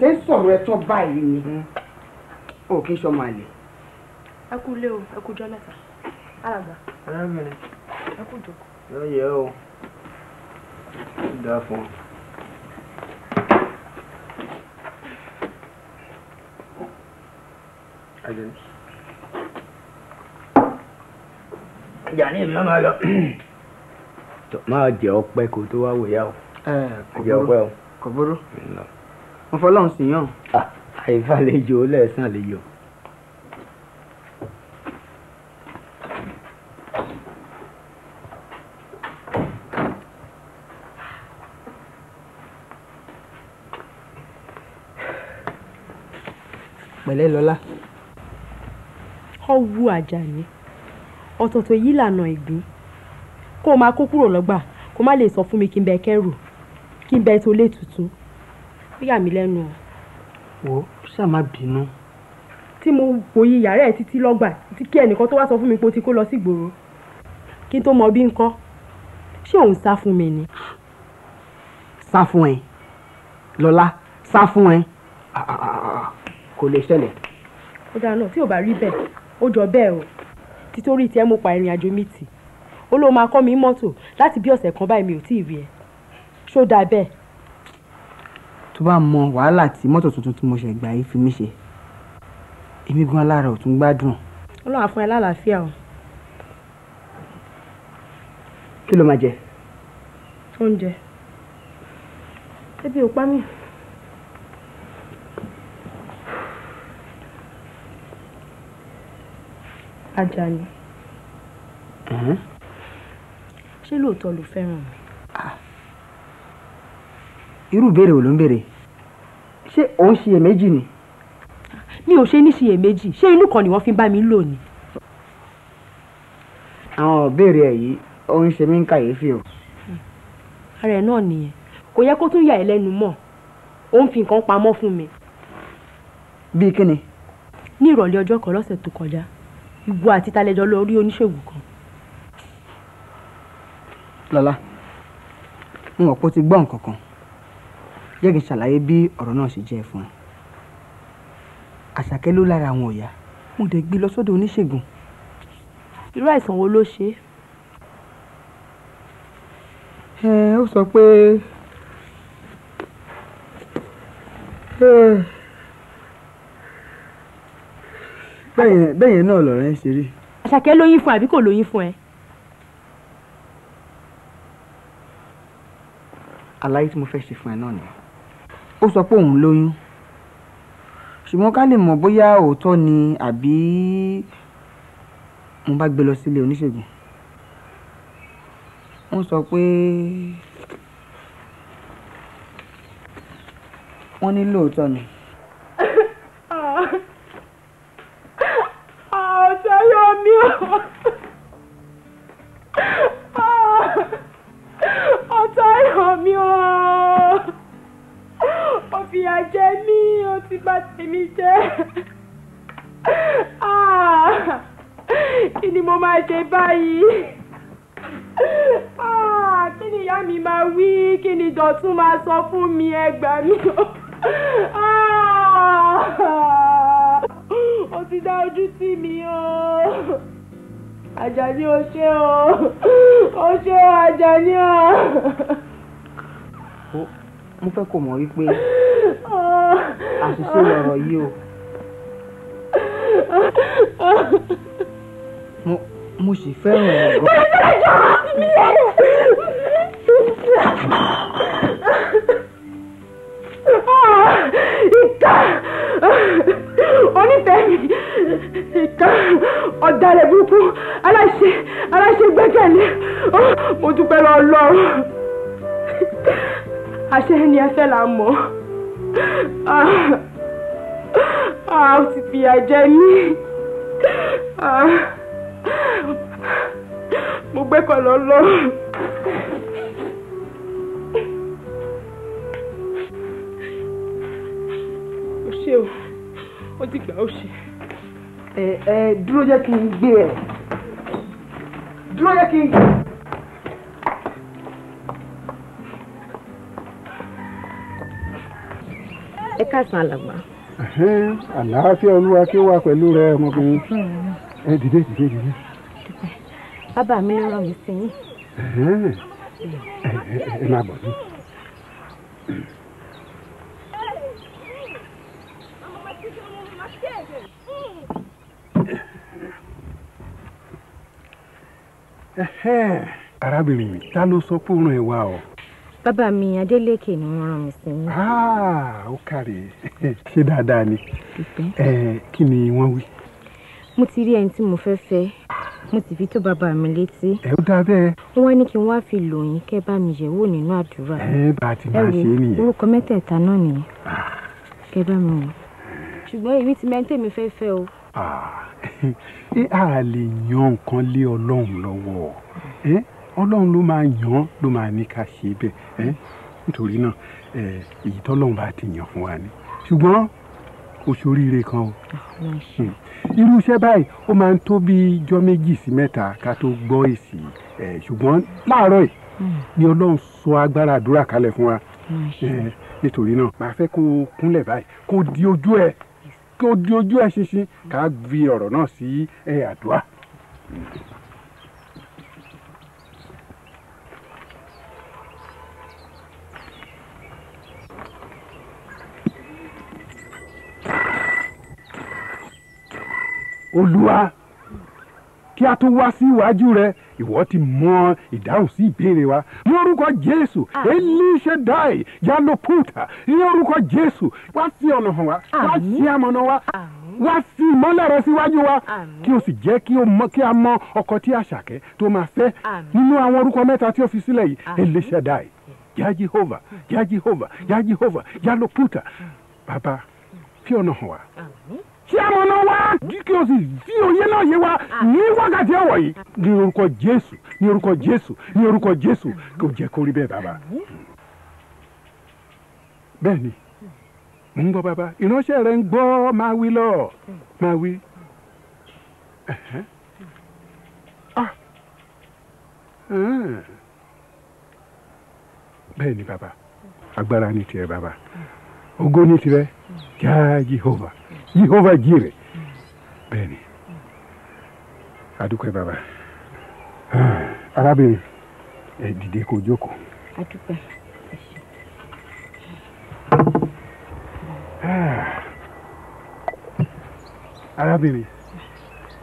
ṣẹ̀ṣẹ̀ ń sọ̀rọ̀ ẹ tán báyìí ni mm-hmm. o kì í ṣọmọ àlè. ẹ kú ilé o ẹ kú jọ mẹ́ta alàgbà. arábìnrin ẹ kú jókòó. yóò yẹ o ó dáa fún ọ. ìjà ní ìlú máa lọ. máa jẹ ọpẹ kó tó wá wòyá o. ẹ kò burú kò burú mo fọlọ́run sì yàn. Ah, àìfàlejò lẹ́ẹ̀sán lè yọ. pẹ̀lẹ́ lọ́lá. ọwọ́ àjàní ọ̀tọ̀ọ̀tọ̀ yìí lànà ìgbín kó o máa kó kúrò lọ́gbà kó o má lè sọ fún mi kí n bẹ kẹ́rù kí n bẹ tó lé tuntun ó yà mí lẹ́nu o. wò ó ṣáà má bínú. tí mo wòye yàrá ẹ̀ títí lọ́gbà tí kí ẹnìkan tó wá sọ fún mi pé o ti kó lọ sí ìgboro kí n tó mọ bí n kọ́ ṣé òun sá fún mi ni. sá fún ẹ lọlá sá fún ẹ kò lè ṣẹlẹ̀. ó dáa náà tí ò bá rí bẹ́ẹ̀ ó jọ bẹ́ẹ̀ o títorí tiẹ̀ mo pa ìrìn àjò mi tì ó ló máa kọ́ mi mọ́tò láti bí ọ̀sẹ̀ kan báyìí mi ò tí ì rí ẹ ṣó dáa bẹ́ẹ̀ tó bá mọ wàhálà tí mọ́tò tuntun tí mo ṣẹ̀ gbà yìí fi mí ṣe èmi gan alára ò tún gbádùn. ọlọ́run á fún ẹ lálàáfíà o. kí ló máa jẹ. oúnjẹ ebi ò pa mí. ajá ni. ṣé lóòótọ́ ló fẹ́ràn mi irú ìbéèrè wo ló ń béèrè ṣé ò ń ṣiyèméjì ni. mi ò ṣe ní ṣiyèméjì ṣé inú kan ni wọ́n fi bá mi lò ni. àwọn ìbéèrè ẹ̀ yìí ó ń ṣe mí ń kàyéfì o. ara ẹ̀ náà nìyẹn kò yẹ kó tún yà ẹ́ lẹ́nu mọ́ ó ń fi nǹkan pamọ́ fún mi. bíi kí ni. ní ìrọ̀lẹ́ ọjọ́ kan lọ́sẹ̀ tó kọjá ìwọ àti talẹ́jọ́ lọ rí oníṣègùn kan. lọ́lá n ò kó ti gbọ́ nǹkan kan jẹ́ kí n ṣàlàyé bí ọ̀rọ̀ náà ṣe jẹ́ fún ẹ. àṣàkẹ́ ló lára àwọn ọ̀yà mo dẹ̀ gbé lọ sọ́dọ̀ oníṣègùn. irú àìsàn wo ló ṣe é. ẹ ó sọ pé bẹ́ẹ̀ yẹn náà lọ̀rọ̀ ẹ ṣe rí. àṣàkẹ́ lóyún fún àbí kò lóyún fún ẹ. àlàyé tí mo fẹ́ ṣe fún ẹ náà nìyẹn ó sọ pé òun lóyún ṣùgbọ́n ká lè mọ̀ bóyá òótọ́ ni àbí mo bá gbé lọ sílé oníṣègùn wọ́n sọ pé wọ́n ní lóòótọ́ ni. mi jẹ́ ah, kí ni mo máa ṣe báyìí ah, kí ni ìyá mi máa wí kí ni Dọ̀tún máa sọ fún mi ẹ gbà o ah, ó ti dá ojú tì mí o Àjàní o ṣé o o ṣé o Àjàní o. mo fẹ́ kó mọ̀ wípé àṣìṣe lọ̀rọ̀ yìí o. mo mo sì fẹ́ràn ẹ̀ gan. ìka onífẹ̀mí ìka ọ̀dàlẹ̀ burúkú aláṣẹ aláṣẹ gbẹ́kẹ̀lé mo dúpẹ́ lọ́ọ́ lọ́ọ́ àṣẹ ni ẹ fẹ́ là ń mọ̀ a ah. ah, ó ti fìyà jẹ ní mo gbẹ́kọ̀ọ́ lọ́lọ́run. ṣe o ó ti gbà ó ṣe. ẹ ẹ dúró jẹ́ kí n gbé ẹ dúró jẹ́ kí n gbé ẹ. ẹ káàsán alàgbà. àlàáfíà olúwa kí ó wà pẹ̀lú rẹ ọmọbìnrin ẹ dìde dìde dìde. bàbá mi ló rán mi sí yín. ẹ máa bọ̀ ní. arábìnrin ta ló sọ pé ẹ wá o bàbá mi adélèké ni wọ́n rán mi sí yín. Ah, ó kàrí ṣé dáadáa ni kí ni wọ́n wí. mo ti rí ẹni tí mo fẹ́ fẹ́ mo sì fi tó bàbá mi létí. ẹ ó dáa bẹ́ẹ̀. wọ́n ní kí n wá fi lòyìn kẹ́ bá mi yẹ̀ wò nínú àdúrà. ẹ bá a ti máa ṣe é nìyẹn. orúkọ mẹ́tẹ̀ẹ̀ta náà nìyẹn ah. kẹ́ bá mi wò. ṣùgbọ́n èmi ti mẹ́ńtẹ́ mi fẹ́ fẹ́ o. Ah. a lè yan nǹkan lé ọlọ́run lọ́wọ́ ọlọ́run ló máa yàn án ló máa ní ká ṣe bẹ́ẹ̀ nítorí náà èyí tọ́lọ́run bá ti yàn fún wa ni ṣùgbọ́n oṣù oríire kan o hmm. irú iṣẹ́ báyìí ó máa ń tó bí ijọ́ méjì sí mẹ́ta ká tó gbọ́ èsì ṣùgbọ́n láàárọ̀ yìí hmm. ni ọlọ́run sọ agbára àdúrà kalẹ̀ fún wa nítorí náà màá fẹ́ kó kúnlẹ̀ báyìí kó di ojú ẹ kó di ojú ẹ ṣinṣin ká fi ọ̀rọ̀ náà sí àdúrà. olúwa kí a tó wá sí iwájú rẹ ìwọ ti mọ ìdáhùn sí ìbéèrè wa ní orúkọ jésù eléṣẹ dáì yálò púùtà ní orúkọ jésù wá sí ọ̀nà hàn wa wá sí amọ̀nà wa wá sí ìmọ́lẹ̀ rẹ síwájú wa kí o sì jẹ́ kí a mọ ọkọ tí àṣàkẹ́ tó máa fẹ́ nínú àwọn orúkọ mẹ́ta tí o fi sílẹ̀ yìí eléṣẹ dáì yá jehova yá jehova yá jehova yálò púùtà bàbá fi ọ̀nà hàn wa chairman wa kí o sì fi òye náà yé wa ní wákàtí ọ̀wọ̀ yìí ní orúkọ Jésù ní orúkọ Jésù ní orúkọ Jésù kò jẹ́ kó rí bẹ́ẹ̀ bàbá. bẹ́ẹ̀ni mo ń gbọ́ bàbá ìránṣẹ́ rẹ ń gbọ́ máa wí lọ máa wí. Ah. bẹ́ẹ̀ni bàbá agbára ni tìrẹ bàbá ògo ni tìrẹ yáa Jehova. Yehova Jire. Bene. Adúpẹ́ bàbá. Arábìnrin, ẹ dìde kó jókòó. Adúpẹ́. Arábìnrin,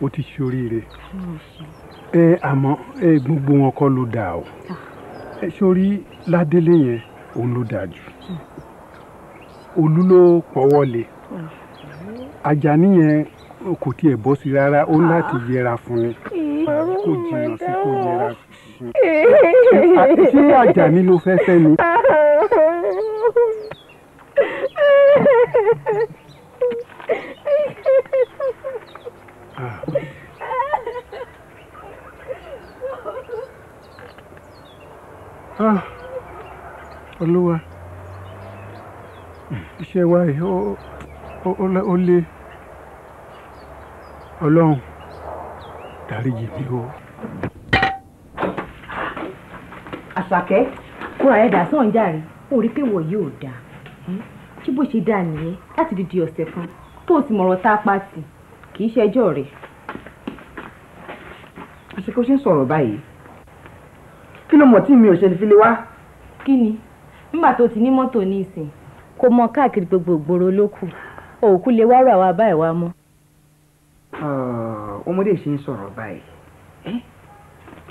o ti ṣe oríire. Ẹ àmọ́ ẹ gbogbo wọn kọ́ ló dáa o. Ẹ sórí ládélé yẹn òun ló le. Àjàní yẹn kò tiẹ̀ bọ́ sí rárá ó láti yẹra fún ni kò jìnnà sí kò yẹra fún ni ṣé Àjàní ló fẹ́ fẹ́ ni. Ah. Ah. Olúwa iṣẹ́ wa yìí ó ó lé ọlọ́run dáríjì mi o. àṣàkẹ́ kúrò ẹ̀ dà sọ̀n jàre ó rí pé wọ̀ yóò dáa tí bó ṣe dáa nìyẹn láti dìde ọ̀sẹ̀ kan tó o ti mọ̀rọ̀ tá a pa tì kì í ṣẹjọ́ rẹ̀. àṣekọ́ ṣe ń sọ̀rọ̀ báyìí kí ló mọ̀ tí mi ò ṣe fi lè wá. kí ni nígbà tó ti ní mọ́tò ní ìsìn kò mọ káàkiri gbogbo ìgboro ló kù òkú lè wá rà wá báyìí wá mọ́. Ah, ọmọdé ṣe ń sọ̀rọ̀ báyìí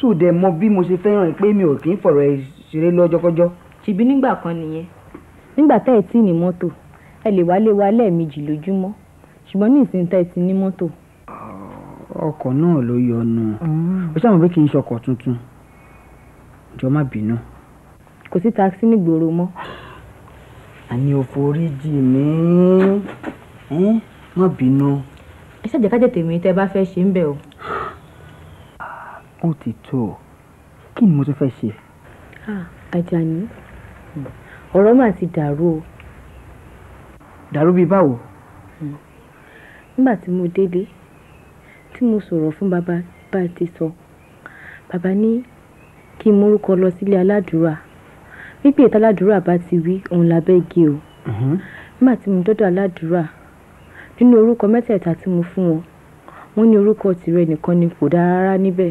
tó dẹ̀ mọ bí mo ṣe fẹ́ràn pé mi ò kì í fọ̀rọ̀ ẹ̀ ṣeré lọ́jọ́kọ́jọ́. ṣèbí nígbà kan nìyẹn nígbà tá ẹ̀ tí ní mọ́tò ẹ lè wálé wa lẹ́ẹ̀mejì lójúmọ́ ṣùgbọ́n ní ìsìn tá ẹ ti ní mọ́tò. Ah, ọkọ̀ náà ló yọnu mm. ó ṣàmọ̀ pé kì í ṣọkọ̀ tuntun jọ má bínú. kò sí takisí nígboro mọ́. àní ò forí jì Hm? má bínú. ẹ ṣàjẹ́ kájẹ́ tèmi tẹ́ bá fẹ́ ṣe ń bẹ̀ o. ó ti tó o kí ni mo tún fẹ́ ṣe. Àjàní ọ̀rọ̀ mà ti dàrú o. dàrú bíi báwo. nígbà tí mo délé tí mo sọ̀rọ̀ fún bàbá bá ti sọ bàbá ní kí n mórúkọ lọ sílé aládùúrà wípé ìta aládùúrà bá ti wí òun lábẹ́ igi o nígbà tí mo dọ́dọ̀ aládùúrà nínú orúkọ mẹ́tẹ̀ẹ̀ta tí mo fún wọn wọ́n ní orúkọ tìrẹ nìkan ni kò dára rárá níbẹ̀.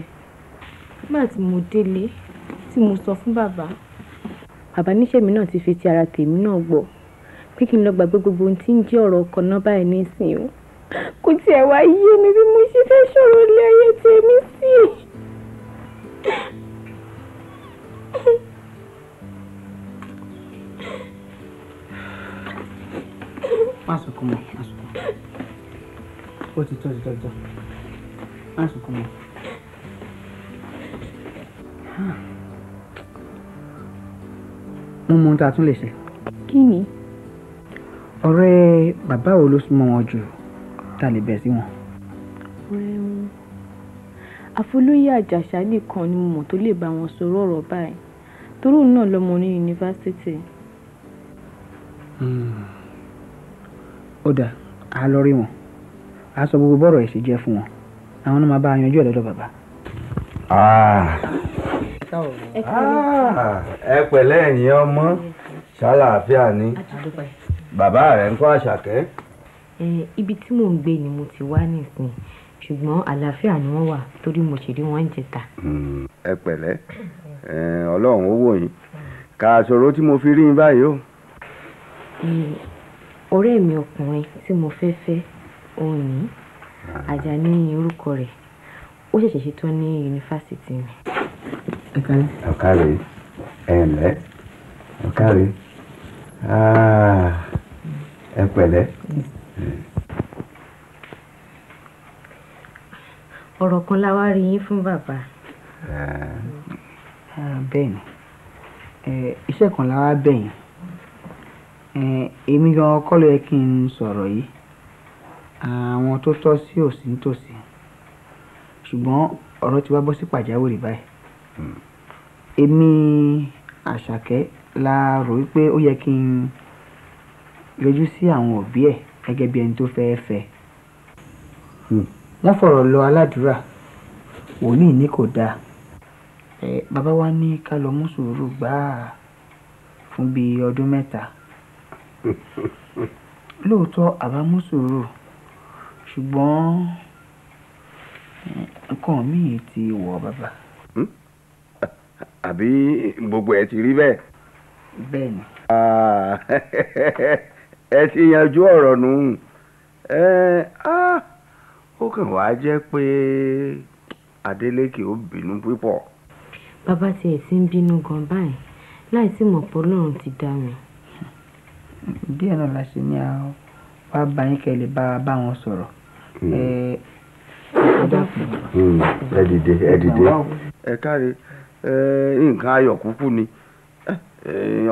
nígbà tí mo délé tí mo sọ fún bàbá bàbá níṣẹ́mi náà ti fi ti ara tèmi náà gbọ́ pé kí n lọ gbàgbé gbogbo ohun tí ń jẹ́ ọ̀rọ̀ ọkọ̀ náà báyìí nísìnyí o kò tiẹ̀ wá yé mi bí mo ṣe fẹ́ sọ̀rọ̀ lé ayé tèmi sí i. Pásítọ̀ mọ̀ ó ti tọ́ ti tọ́ ti tọ́ má sunkún mọ́. mo mọ ohun tá a tún lè ṣe. kí ni. ọ̀rẹ́ bàbá wo ló súnmọ́ wọn jù tá lè bẹ̀ sí wọn. ọ̀rẹ́ àjàṣà nìkan ni mo mọ̀ tó lè bá wọn sọ̀rọ̀ ọ̀rọ̀ báyìí toró náà lọ́mọ ní yunifásitì. Hmm. ó dáa a lọ rí wọn a sọ gbogbo bọ́rọ̀ ẹ̀ sì jẹ́ fún wọn àwọn náà máa bá a yanjú ẹ̀ lọ́dọ̀ bàbá. Ah. Ah, ẹ pẹ̀lẹ́ ẹ̀yin ọmọ ṣàlàáfíà ni bàbá rẹ̀ ń kọ́ àṣàkẹ́. ibi tí mò ń gbé ni mo ti wá nìsín ṣùgbọ́n àlàáfíà ni wọ́n wà torí mo ṣèlérí wọn ń jẹta. Hmm, ẹ pẹ̀lẹ́ ọlọ́run ó wò yín kà àṣọ̀rọ̀ tí mo fi rí yín báyìí o ọ̀rẹ́ mi ọkùnrin tí mo fẹ́ fẹ́ òun ní Àjàní ní orúkọ rẹ̀ ó ṣẹ̀ṣẹ̀ ṣetán ní yunifásitì mi. ọ̀kàrẹ̀ ẹ̀ǹlẹ́ ọ̀kàrẹ̀ ẹ pẹ̀lẹ́. ọ̀rọ̀ kan la wá rí yín fún bàbá. Eh. Ah, bẹ́ẹ̀ ni eh, iṣẹ́ kan la wá bẹ̀yìn èmi gan-an kọ́ ló yẹ kí n sọ̀rọ̀ yìí àwọn tó tọ́ sí òsì nítòsí ṣùgbọ́n ọ̀rọ̀ ti wá bọ́ sí pàjáwìrì báyìí èmi àṣàkẹ́ la rò wípé ó yẹ kí n yọjú sí àwọn òbí ẹ̀ gẹ́gẹ́ bí ẹni tó fẹ́ fẹ́ wọ́n fọ̀rọ̀ lọ aládùúrà wòlíì ní kò dáa bàbá wa ní ká lọ mú sùúrù gbáà fún bíi ọdún mẹ́ta. lóòótọ́ àbá mú sùúrù ṣùgbọ́n eh, nǹkan míì ti wọ̀ bàbá. Hmm? àbí gbogbo ẹ ti rí bẹ́ẹ̀. bẹ́ẹ̀ ni. Ah, ẹ ti yanjú ọ̀rọ̀ nù ẹ ah, ó kàn wá jẹ́ pé Adeleke ó bínú púpọ̀. bàbá tiẹ̀ ti ń bínú gan báyìí láì sí mọ̀pọ̀ lọ́run ti dá mi díẹ̀ náà la ṣe ní a wá bá yín kẹ́ lè bá bá wọn sọ̀rọ̀. Hmm. Hmm. ẹ dìde ẹ dìde. ẹ káre nǹkan ayọ̀ kúkú ni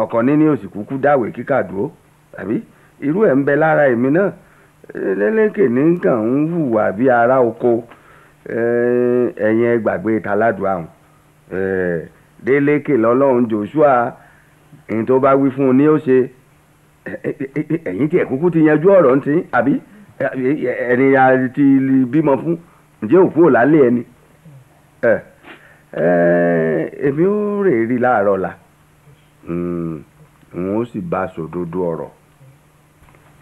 ọkàn níní òsì kúkú dáwèé kíkà dúró àbí irú ẹ̀ ń bẹ lára èmi náà lẹ́lẹ́kẹ̀ ní kàn ń hùwà bí ara oko ẹ̀yìn ẹ gbàgbé taládùn àrùn lọ́lọ́run Joshua ní tó bá wí fún un ní ó ṣe. ẹ̀yin tí ẹ̀ kúkú ti yanjú ọ̀rọ̀ ntí àbí ẹni ti bímọ fún ǹjẹ́ òkú ò lálé ẹni èmi ó rè rí láàárọ̀ la hmm, n ó sì bá a sòdodo ọ̀rọ̀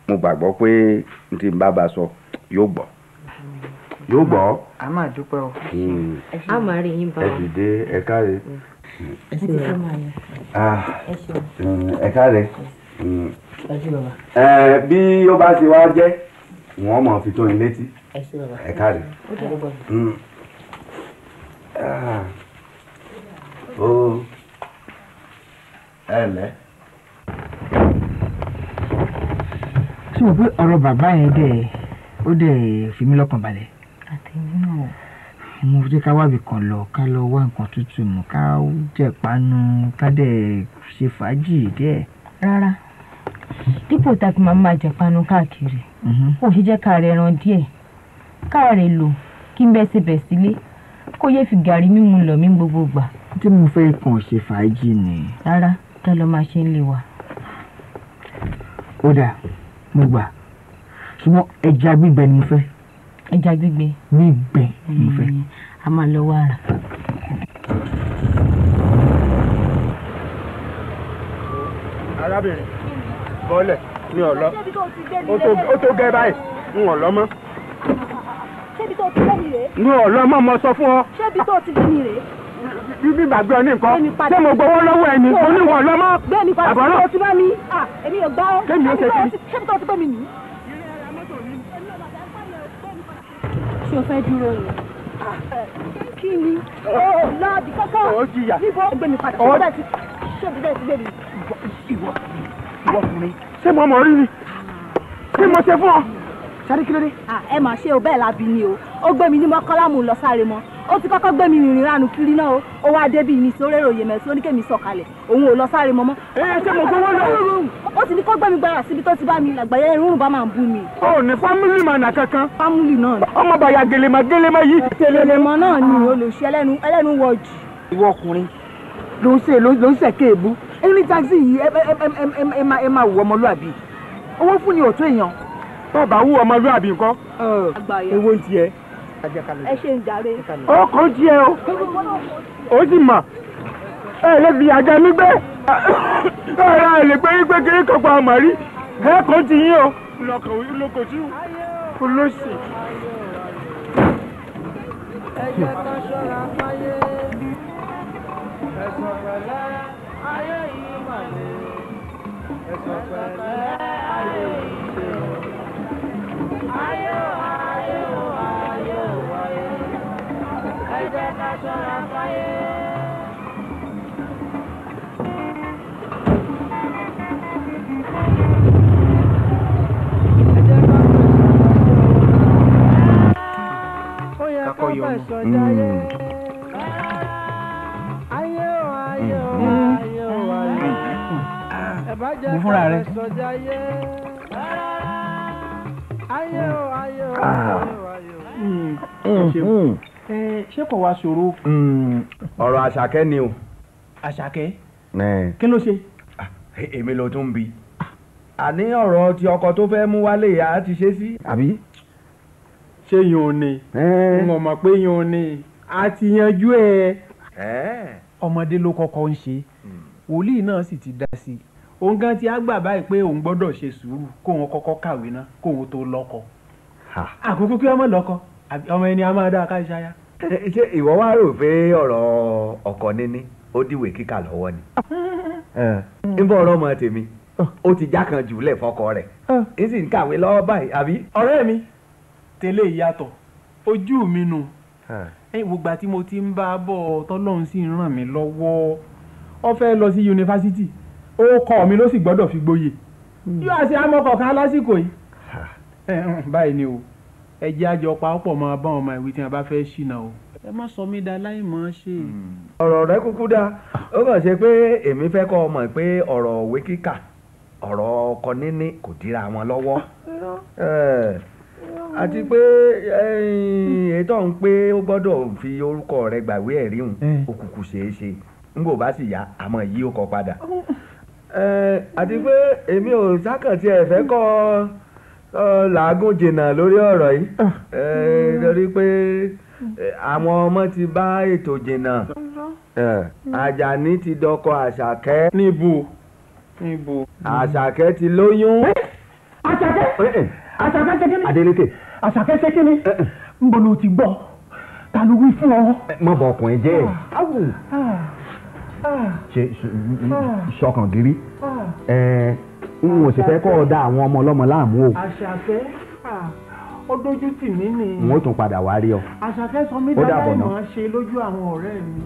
mo gbàgbọ́ pé n ti ba sọ yóò gbọ́ yóò gbọ́. a máa dúpẹ́ o. Hmm. a máa rí yín bí ó bá ṣe wá jẹ́ wọ́n mọ̀ fi tó yín létí ẹ káre. ó hmm. ah. oh. ẹ lẹ́. tí o pé ọ̀rọ̀ bàbá yẹn dẹ̀ ó dẹ̀ fi mí lọ́kàn balẹ̀. àtẹ̀yìn náà mo jẹ́ ká wábi kan lọ ká lọ wá nǹkan tuntun mú ká jẹ panu ká dẹ̀ ṣe fàájì díẹ̀. rárá dípò tá a fi máa máa jẹ̀panu káàkiri ó mhm. ṣe jẹ́ káàrẹ̀ ẹran díẹ̀ káàrẹ̀ lò kí n bẹ́ẹ̀ ṣe bẹ̀ sílé kó yẹ fi gàrí mímu lọ mí gbogbo gbà. tí mo fẹ́ kàn ṣe fàájì ni. rárá tá ló máa ṣe ń lè wà. ó dà mo gbà ṣùgbọ́n ẹja gbígbẹ ni mo fẹ́. ẹja gbígbẹ. gbígbẹ ni mo fẹ́. Mm, a máa lọ wá ara. arábìnrin bọ́lẹ̀ mi ò lọ ó tó gẹ́ báyìí n ò lọ mọ́. ṣébi tó ti gbé mi rèé. mi ò lọ mọ́ mo sọ fún ọ. ṣébi tó ti gbé mi rèé. bíbí gbàgbé ọ ní nǹkan ṣé mo gbowó lọ́wọ́ ẹni mo ní wọn lọ́mọ́. bẹ́ẹ̀ ni pàṣẹ tó ti bá mi èmi ò gbá ṣébi tó ti gbé mi nìyí. ṣé o fẹ́ dúró yẹn kí ni lọ́ọ̀dì kọ́kọ́ níbo ọgbẹ́ni padà ṣé o ti bẹ́ẹ̀ ti gbé mi ìwọ́kùnrin ṣé mo mọ̀ rí ni kí mo ṣe fún ọ sáré kí ló dé. ẹ mà ṣe o bẹ́ẹ̀ labi ni o ó gbé mi ní mọ́kọ́lá mò lọ sáré mọ́ ó ti kọ́kọ́ gbé mi rìnrìn ránu kiri náà o ó wá débi ní sórérò yèmẹ̀ tí ó sọ̀kalẹ̀ òun ò lọ sáré mọ́ mọ́. ẹ ṣe mo gbowó lọ. ó ti ní kó gbé mi gbára síbi tó ti bá mi àgbáyé irun bá máa ń bú mi. o ní fámìlì mà nà kankan. fámìlì náà ni. ọmọ bàyà gèlèmọ gèlèmọ yìí. gèlèmọ náà ni olùṣẹ́ ẹlẹ́nu ẹlẹ́nu wọ̀jù. ìwọ ọkùnrin ló ń ṣe ló ń ṣe kéèbú ẹni taxi yìí ẹ ẹ ẹ ẹ ẹ máa ẹ máa wù ọmọlúàbí owó fún ni ò tó èèyàn. tó o bá wù ọmọlúàbí nǹkan. ewo ń tiẹ̀. ẹ ṣe ń jàre. ó kàn tiẹ̀ o ó sì mà ẹ lè fi àga mi gbé ẹ ra ẹ lè pé pé kéré kan pa àmọ́ rí ẹ kàn ti yín o. lọkọ̀ tí olóṣì. ẹ jẹ́ ká ṣọ́ra fáyé ẹ sọ̀rọ̀ lára. i yìí mà ní. sọjá yé. ayé o ayé o ah. ayé o ayé o. Mm, mm, mm. ṣé kò wá ṣòro. ọ̀rọ̀ àṣàkẹ́ ni o. àṣàkẹ́ kí ló ṣe. Ah, èmi ló tún bi àní ọ̀rọ̀ ti ọkọ tó fẹ́ mú wálé yá ti ṣe sí. àbí. ṣé yóò ní. n ò mọ̀ pé yóò ní a ti yanjú ẹ. ọmọdé ló kọ́kọ́ ń ṣe wòlíì náà sì ti dá sí i òun gan ti á gbà báyìí pé òun gbọ́dọ̀ ṣe sùúrù kóun kọ́kọ́ kàwé ná kóun tó lọ́kọ. àkókò kí ọmọ lọ́kọ ọmọ ẹni a máa dá aká ṣáyà. ṣé ìwọ wá rò pé ọ̀rọ̀ ọkọ níní ó dìwé kíkà lọ́wọ́ ni. ń bọ̀ ọ̀rọ̀ ọmọ tèmi ó ti já kan jù lẹ̀ fọkọ rẹ̀ ń sì ń kàwé lọ́wọ́ báyìí àbí. ọ̀rẹ́ mi tẹ́lẹ̀ ìyàtọ̀ ojú mi nù ẹ̀yìn gbogbo àti mo ti ń bá a bọ̀ tọ́lọ́run sì ń ràn mí lọ́wọ́ ó fẹ́ lọ sí yunifásitì orúkọ mi ló sì gbọ́dọ̀ fi gboyè hmm. yóò àṣẹ amọ̀kọ̀kan lásìkò yìí báyìí ni o ẹ jẹ́ àjọ pàápọ̀ máa bá ọmọ ìwé tí wọ́n bá fẹ́ ṣìnà o ẹ má sọ mí da láì mọ̀ ṣe. Hmm. ọ̀rọ̀ rẹ kúkú dá ó kàn ṣe pé èmi fẹ́ kọ́ ọ mọ̀ pé ọ̀rọ̀ òwe kíkà ọ̀rọ̀ ọkọ níní kò dira wọn lọ́wọ́ àti pé ètò ń pé ó gbọ́dọ̀ fi orúkọ rẹ gbàwé ẹ̀rí hùn òkùnkùn ṣeé ṣe n bá sì yá àmọ́ yí ó kọ padà. àti pé èmi ò sákàntì ẹ̀ fẹ́ kọ́ làágùn jìnnà lórí ọ̀rọ̀ yìí ah. torí pé àwọn ọmọ ti bá ètò jìnnà àjàní ti dọkọ àṣàkẹ́. níbo níbo. àṣàkẹ́ ti lóyún. Eh, àṣàkẹ́ eh, eh. àṣàkẹ́ ṣẹ́kẹ́ni. adeleke. àṣàkẹ́ ṣẹ́kẹ́ni. ń bolo ti gbọ́ ta ló wí fún ọ. mọ̀ bọ̀ ọkùnrin jẹ́ ẹ̀. Ah. Ah. ṣọkàn gírí ah. n ò sì fẹ́ kọ́ ọ da àwọn ọmọ ọlọ́mọ láàmú o. àṣàfẹ́ ah, ó dójú tì mí ni. n ó tún padà wá rí ọ. àṣàfẹ́ sọ mí dáadáa ìmọ̀ ṣe lójú àwọn ọ̀rẹ́ mi.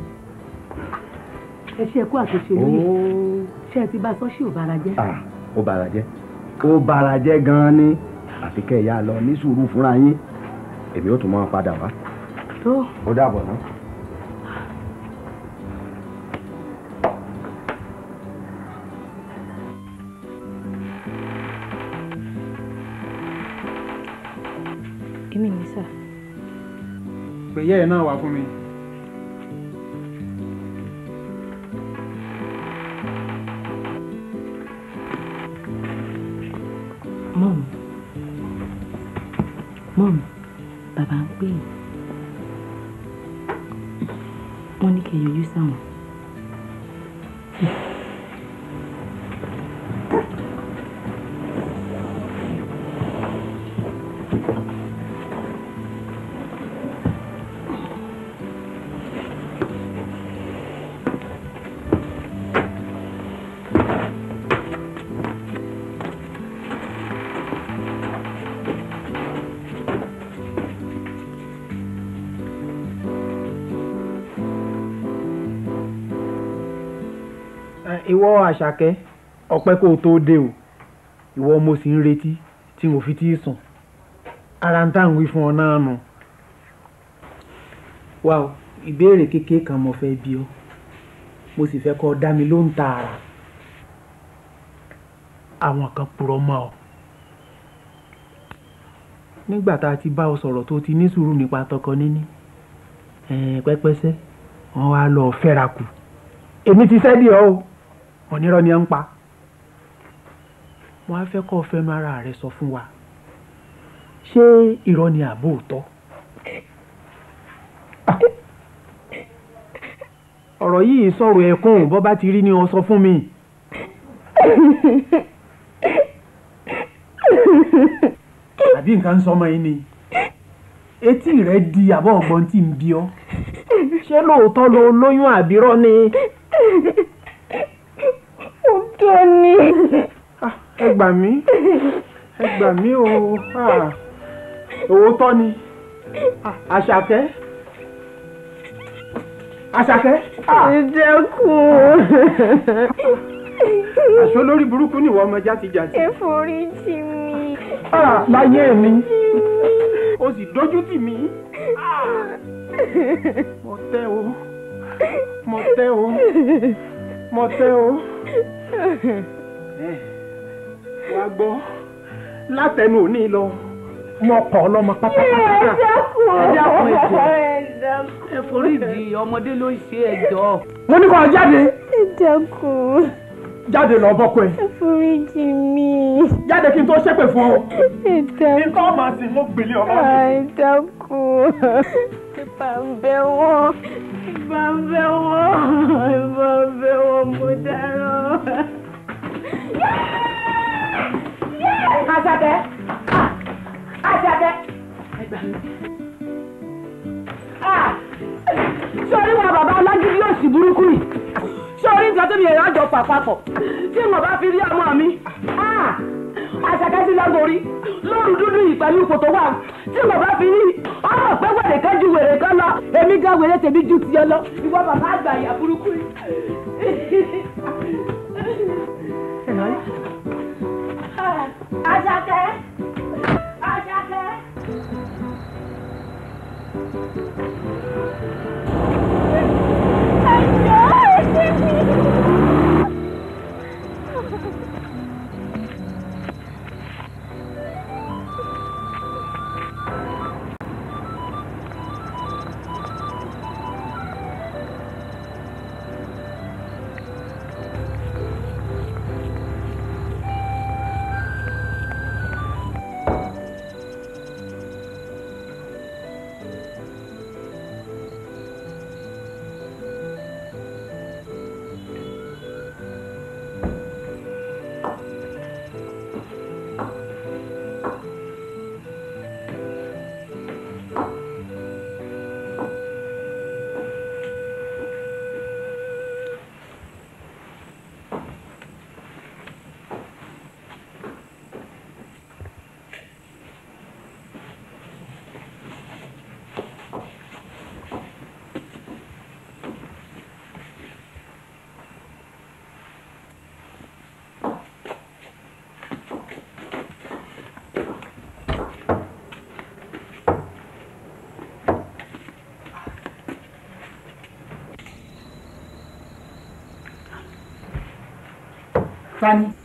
ẹ ṣe ẹkú àtúnṣe lóye ṣé ẹ ti bá sọ́ọ́sì ò bara jẹ́. ó bara jẹ́ ó bara jẹ́ gan-an ni àfi kẹ́ ẹ̀ yá lọ ní sùúrù fúnra yín èmi ó tún máa padà wá. tó ó dàbọ̀ náà. mi ní sà. pé ìyá ẹ̀ náà wà fún mi. mọ́mù mọ́mù bàbá ń pè yín wọ́n ní kẹ́ yọjú sáwọn. ìwọ àṣàkẹ́ ọpẹ́ kó o tó dé o ìwọ mo sì ń retí tí mo fi tí ì sùn ara ń tà ń wí fún ọ náà nù. wá o ìbéèrè kékeré kan mo fẹ́ bi ọ́ mo sì fẹ́ kọ́ ọ dá mi ló ń tààrà àwọn kan purọ́ mọ́ ọ. nígbà tá a ti bá ọ sọ̀rọ̀ tó ti ní sùúrù nípa tọkọ níní pẹ́pẹ́sẹ́ wọ́n wá lọ fẹ́ra kù èmi ti sẹ́dí ọ o onírọ́ ni ẹ ń pa mo á fẹ́ kọ́ fẹnu ara rẹ sọ fún wa ṣé irọ́ ni àbò òótọ́ ọ̀rọ̀ yìí sọ̀rọ̀ ẹ̀kún bọ́ bá ti rí ni o sọ fún mi. àbí nǹkan ń sọmọ yín ni etí rẹ di àbọ̀ ọ̀gbọ́n tí ń bí ọ ṣé lóòótọ́ lo lóyún àbírọ́ ni ṣe ni. Ah, ẹ gbà mí ẹ gbà mí o ah, òótọ́ ni ah, àṣàkẹ́ àṣàkẹ́. ìjẹkùn. àṣọ lórí burúkú nìwọ ọmọ játijàti. èforíjì mi. láyé mi o sì dójú tì mí. mo tẹ́ o mo tẹ́ o mo tẹ́ o eh, wá gbọ́ látẹnu òní lọ wọn kọ ọlọmọ pátápátá ẹdá fún ẹjọ́ ẹ forí di ọmọdé ló ń ṣe ẹjọ́. mo ní kó jáde. ẹ dẹ́kun. jáde lọ bọ́kọ ẹ. ẹ forí mi. jáde kí n tó ṣépè fún ọ. ẹ dẹ́kun. ikọ́ ọmọ àti mo gbèlè ọmọ mi. ẹ dẹ́kun. pípa ń bẹ wọ́n ìbá ń fẹ́ wọ́n ìbá ń fẹ́ wọ́n mo dáná. Àṣàkẹ́ Àṣàkẹ́ wa bàbá alágídí òsì burúkú yìí ṣé orí nǹkan tẹ́mi èèyàn àjọ pàpapọ̀ tí mo bá fi rí ọmọ mi àṣàkẹ́sí lágbórí lóru dúdú yìí pẹ̀lú ipò tó wà tí mo bá fi rí ọmọ pé wèrè kan ju wèrè kan lọ èmi gan wèrè tèmi ju tiẹ̀ lọ ìwọ bàbá àgbà ìyá burúkú yìí. àṣàkẹ́ àṣàkẹ́. Thank you. 三。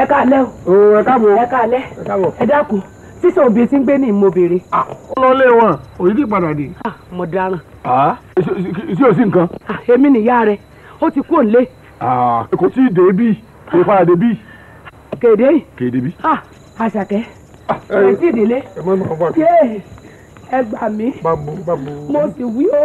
ẹ káalẹ́ o. ẹ káàbọ̀ ẹ káalẹ́ ẹ dákun sísan òbí tí ń gbé ní mo béèrè. ó lọ lé wọn òyìn ti padà dé. mo dáràn. sí o sí nǹkan. èmi nìyá rẹ ó ti kú òǹlé. kò tí ì dé bí kò fara dé bí. kéde yìí. kéde bí. àṣàkẹ́ ẹ ti délé. ẹ gbà mí mo sì wí o.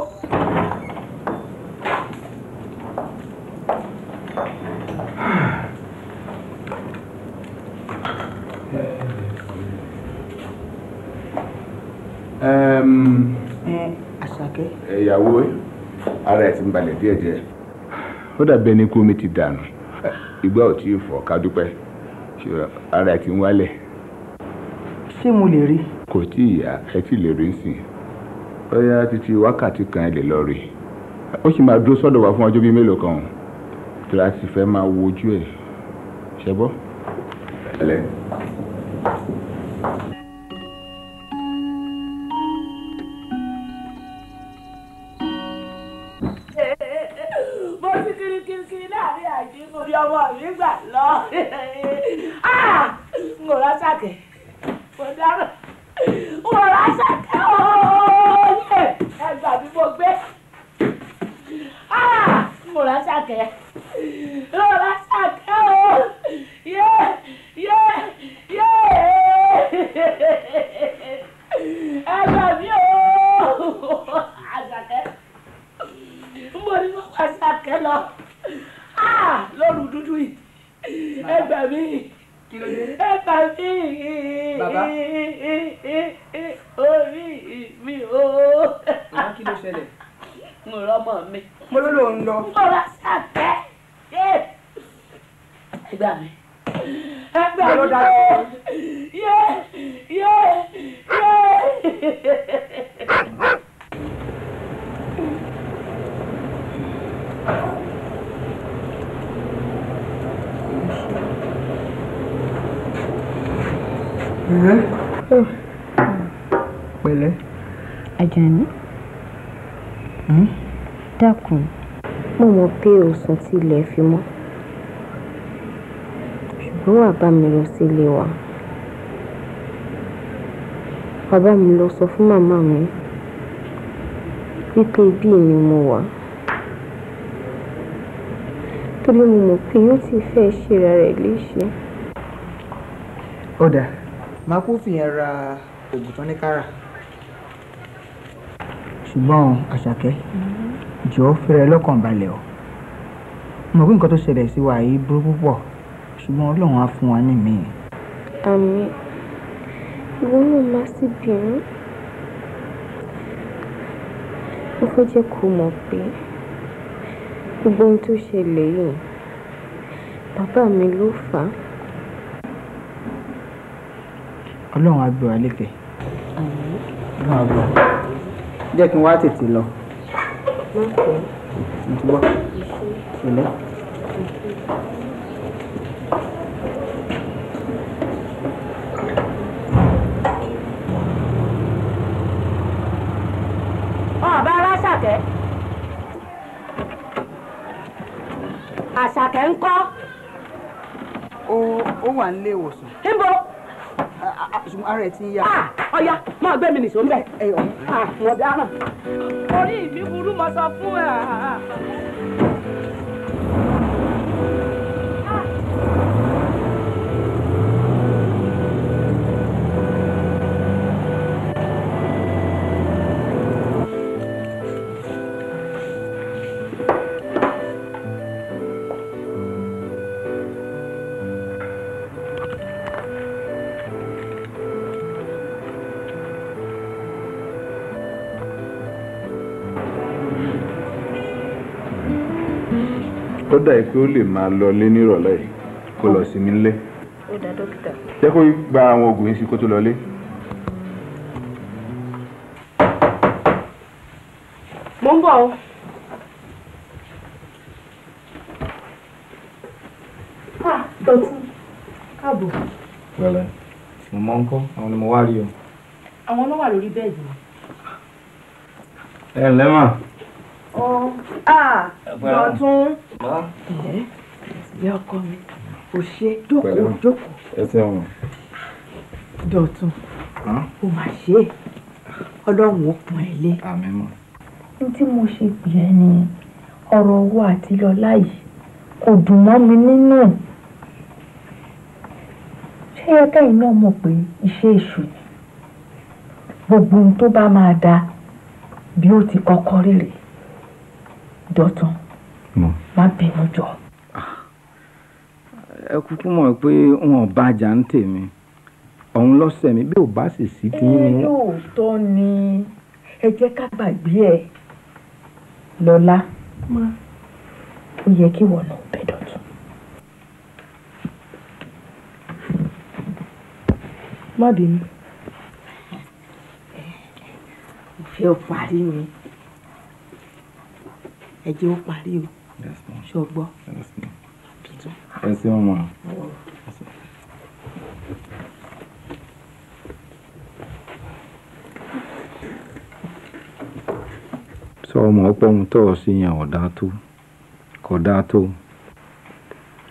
ń balẹ̀ díẹ̀díẹ̀. ó dàbí ẹni kú mi ti dànù ìgbà ò tí ì fọ́ ká dúpẹ́ ara ẹ̀ ti ń wálẹ̀. ṣé mo lè rí. kò tí ì yá ẹ tí ì lè rí nsìn bóyá títí wákàtí kan ẹ lè lọ rí ó sì máa dúró sọ́dọ̀ wá fún ọjọ́ bíi mélòó kan tí a ti fẹ́ máa wojú ẹ̀ ṣẹ́gbọ́. ẹlẹ́yìn. tí ilẹ̀ fi mọ́ ṣùgbọ́n wàá bá mi lọ sí ilé wa wàá bá mi lọ sọ fún màmá mi wípé ibí ni mo wà torí mo mọ̀ pé yóò ti fẹ́ ṣe ra rẹ̀ léṣe. ó máa kú fìyẹn ra oògùn tán ní kára ṣùgbọ́n àṣàkẹ́ jọ̀ọ́ fẹ́rẹ̀ lọ́kàn balẹ̀ o mo pé nǹkan tó ṣẹlẹ̀ sí wa yìí burú púpọ̀ ṣùgbọ́n ọlọ́run á fún wa ní mi. àmì ìwọ náà má sì bínú ó fẹ́ jẹ́ kó mọ̀ pé gbogbo ohun tó ṣẹlẹ̀ yìí bàbá mi ló fà á. ọlọ́run á gbé wa lékè. ọlọ́run á gbé wa jẹ́ kí n wá tètè lọ. má pẹ́. Ini. Ọba Alásàkẹ́. Àṣàkẹ́ ń kọ́. Ó wà nílé ìwòsàn. Níbo? Ṣùgbọ́n ara ẹ̀ ti yá. Ọya, ah, máa gbé mi nìṣó ń bẹ̀. Àwọn ọ̀dà náà. Orí mi burú mo sọ fún dà yìí pé ó lè máa lọ lé nírọ̀lẹ́ yìí kó lọ sí mi lé. ó dá dókítà. jẹ́ kó gba àwọn oògùn yìí sí kó tó lọ lé. mo ń bọ̀ o. káàbọ̀. pẹ̀lẹ́ mo mọ ń àwọn ni mo wá rí o. àwọn ló wà lórí bẹ́ẹ̀dì. ẹ ǹlẹ́ mà. ọ̀ ah lọ́tún ìyá ọkọ mi ò ṣe jókòó jókòó dọ̀tun ó mà ṣe é ọlọ́run ó pọ́n ẹ lé. n tí mo ṣe pè ẹ́ ni ọ̀rọ̀ owó àti lọ́lá yìí kò dùn mọ́ mi nínú ṣé yẹ kẹ́yìn náà mọ̀ pé iṣẹ́ èṣù ni gbogbo ohun tó bá máa da bí ó ti kọ́kọ́ rèrè dọ̀tun. Mm má bínú jọ. ẹ kúkú mọ̀ pé wọn ò bá ajá ń tèmi ọ̀hún lọ́sẹ̀ mi bí ò bá sì sí tí yín ni. lóòótọ́ ni ẹ jẹ́ ká gbàgbé ẹ lọ́lá ó yẹ kí wọ́n náà bẹ̀ dọ̀tún. má bínú. ìfẹ́ ò parí mi ẹ jẹ́ ó parí o ṣọgbọ́ ẹ ṣe ọmọ. sọ ọmọ ọpọ́n tọ́ ọ sí yẹn ọ̀dá tó kọ̀dá tó.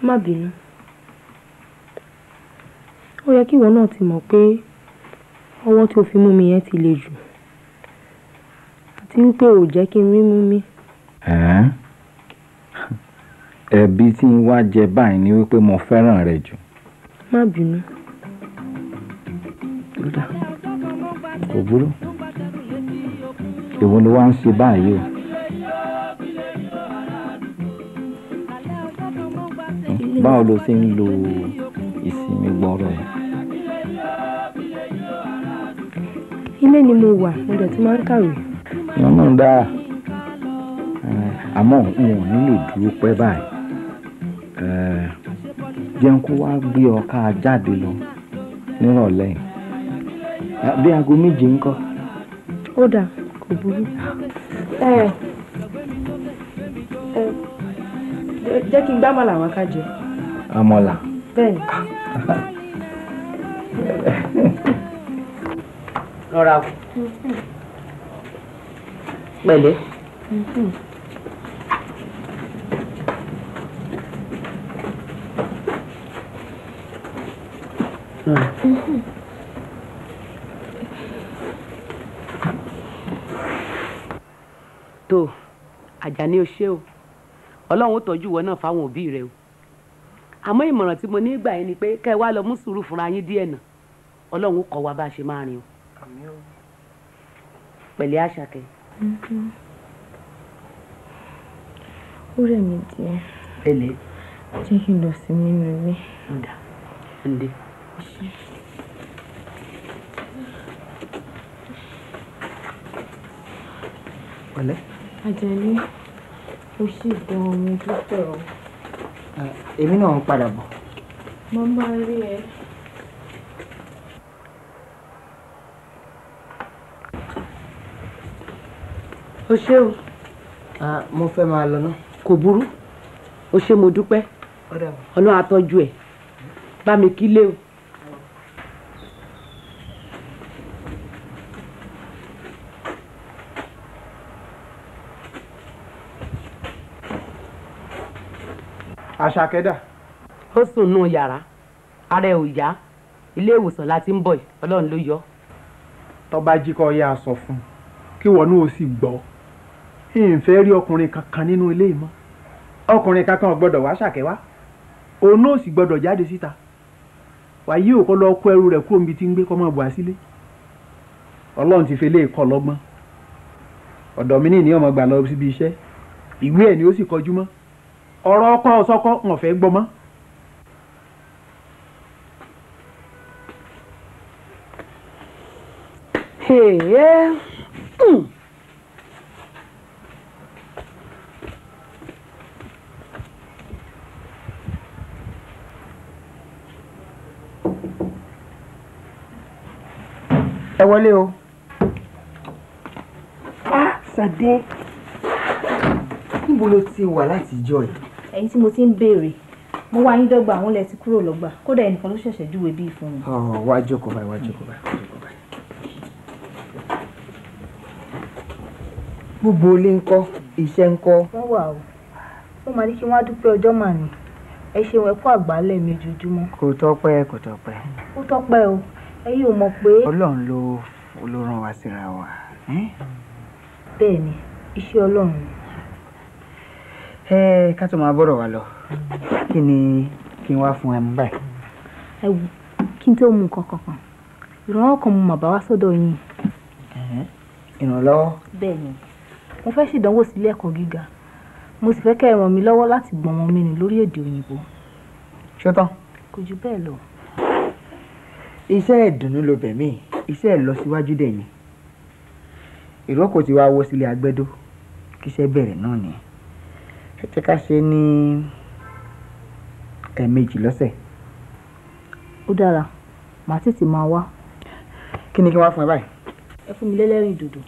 má bínú ó yẹ kí ìwọ náà ti mọ̀ pé ọwọ́ tó fi mú mi yẹn ti le jù àti wípé ò jẹ́ kí n rí mú mi. ẹ̀ẹ́ ẹ̀bi tí ń wá jẹ báyìí ni wípé mo fẹ́ràn rẹ jù. má bínú kò burú èwo ló wá ń ṣe báyìí o. Hmm, báwo ló ṣe ń lo ìsinmi gbọ́rọ̀ yìí. ilé ni mo wà mo dẹ̀ ti máa ń kàwé. ìyọ́nà dáa àmọ́ n ò ní lè dúró pẹ́ báyìí. Eh, jẹun kó wá gbé ọ̀ka jáde lọ nírọ̀lẹ́ ah, bí aago méje ń kọ́. ó dà kò burú. Eh, eh, jẹ́ kí n gbá màlà wá ká jẹ. àmàlà. bẹ́ẹ̀ni. Mm-hmm. pẹ̀lẹ́. Mm-hmm. Hmm. tó Àjàní o ṣé o Ọlọ́run ó tọ́jú ìwọ náà fáwọn òbí rẹ o àmọ́ ìmọ̀ràn tí mo ní gbà yín ni pé kẹ́ ẹ wá lọ mú sùúrù fúnra yín díẹ̀ nà Ọlọ́run kọ́ wa bá a ṣe máa rìn o pẹ̀lẹ́ àṣàkẹ́. Mm-hmm. ó rẹ̀ mí díẹ̀ pẹ̀lẹ́ jẹ́ kí n lọ sí nínú ilé. ǹdà ǹdẹ́ pẹ̀lẹ́. Àjàní o ṣì gan-an mo dúpẹ́ o. èmi náà ń padà bọ̀. mo máa rí ẹ. o ṣé o. mo fẹ́ máa lọ ná. kò burú o ṣé mo dúpẹ́ ọlọ́run á ẹ̀ bá mi kílé o. àṣàkẹ́dà. ó sùn nù yàrá ara ẹ̀ ò yá ilé ìwòsàn láti ń bọ̀ yìí ọlọ́run ló yọ. tọ́ba jí kọ́ ya sọ fún un kí wọ́n náà sì gbọ́ ìfẹ́ rí ọkùnrin kankan nínú ilé yìí mọ́ ọkùnrin kankan ò gbọ́dọ̀ wá ṣàkẹ́wá òun náà sì gbọ́dọ̀ jáde síta wàyí ò kọ́ lọ kó ẹrú rẹ̀ kó omi ti ń gbé kọ́ mọ́ bùhá sílé ọlọ́run ti fele kọ́ lọ́gbọ́n ọ̀dọ̀ mi ní ìní ọmọ gbà lọ síbi iṣẹ́ ìwé ẹ̀ ni ó sì kọjú mọ́ ọ̀rọ̀ ọkọ ọ̀sọ́kọ wọn fẹ́ gbọ́ mọ́. Hmm. ẹ wọlé o. ah Sàdé níbo ló ti wà láti jọ yìí ẹ̀yin tí mo ti ń béèrè mo wá yín dọ́gba àwọn ilẹ̀ ti kúrò lọ́gbà kódà ẹnìkan ló ṣẹ̀ṣẹ̀ júwe bíi fún mi. ọ wá jókòó báyìí wá jókòó báyìí gbogbo ilé ń kọ́ iṣẹ́ ń kọ́. wọ́n wà o wọ́n máa ní kí wọ́n á dúpẹ́ ọjọ́ mà ní ẹ ṣeun ẹ̀kọ́ àgbálẹ̀ mi ojoojúmọ́. kò tọ́pẹ́ kò tọ́pẹ́. ó tọ́pẹ́ o ẹ̀yin ò mọ̀ pé. ọlọ́run ló ló rán wa síra wa. bẹ́ẹ̀ ni iṣẹ́ ọlọ́run ni ẹ eh, ká tó máa bọ̀rọ̀ wa lọ kí ni kí n wá fún ẹ mú báyìí. ẹ wù kí n tó mú nǹkan kankan ìrànlọ́wọ́ kan mo mà bá wá sọ́dọ̀ yín. ìrànlọ́wọ́. bẹ́ẹ̀ ni mo fẹ́ ṣèdánwò sílé ẹ̀kọ́ gíga mo sì fẹ́ kẹ́ ẹ ràn mí lọ́wọ́ láti gbọ́n wọn mi nì lórí èdè òyìnbó. ṣetán. kò jù bẹ́ẹ̀ lọ. iṣẹ́ ìdùnnú ló bẹ̀ mí iṣẹ́ ìlọsíwájú dẹ̀ ni ìrókò tí wàá wọ́ sílé agbẹ́dó kíṣẹ́ bẹ̀rẹ̀ náà nìyẹn ẹ jẹ́ ká ṣe ní ẹ̀ẹ̀mejì lọ́sẹ̀. ó dára màá tètè máa wá. kí ni kí n wá fún ẹ báyìí. ẹ fún mi lẹ́lẹ́rìn dòdò.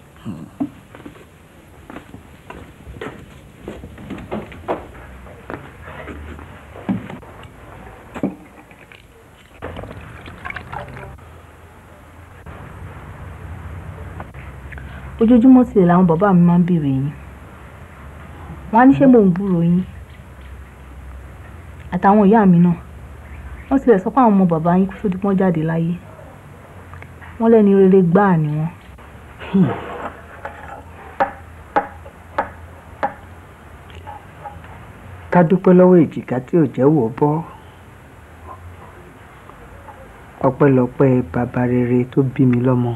ojoojúmọ́ tilẹ̀ làwọn bàbá mi máa ń béèrè yín wọ́n á ní ṣé mò ń búrò yín àtàwọn ìyá mi náà wọ́n tilẹ̀ sọ pé àwọn ọmọ bàbá yín kó tó di pọ́n jáde láyé wọ́n lẹ́ni rere gbáà ni wọ́n. ká dúpẹ́ lọ́wọ́ èjìká tí ò jẹ́ wò bọ́ ọpẹ́lọpẹ́ bàbá rere tó bí mi lọ́mọ.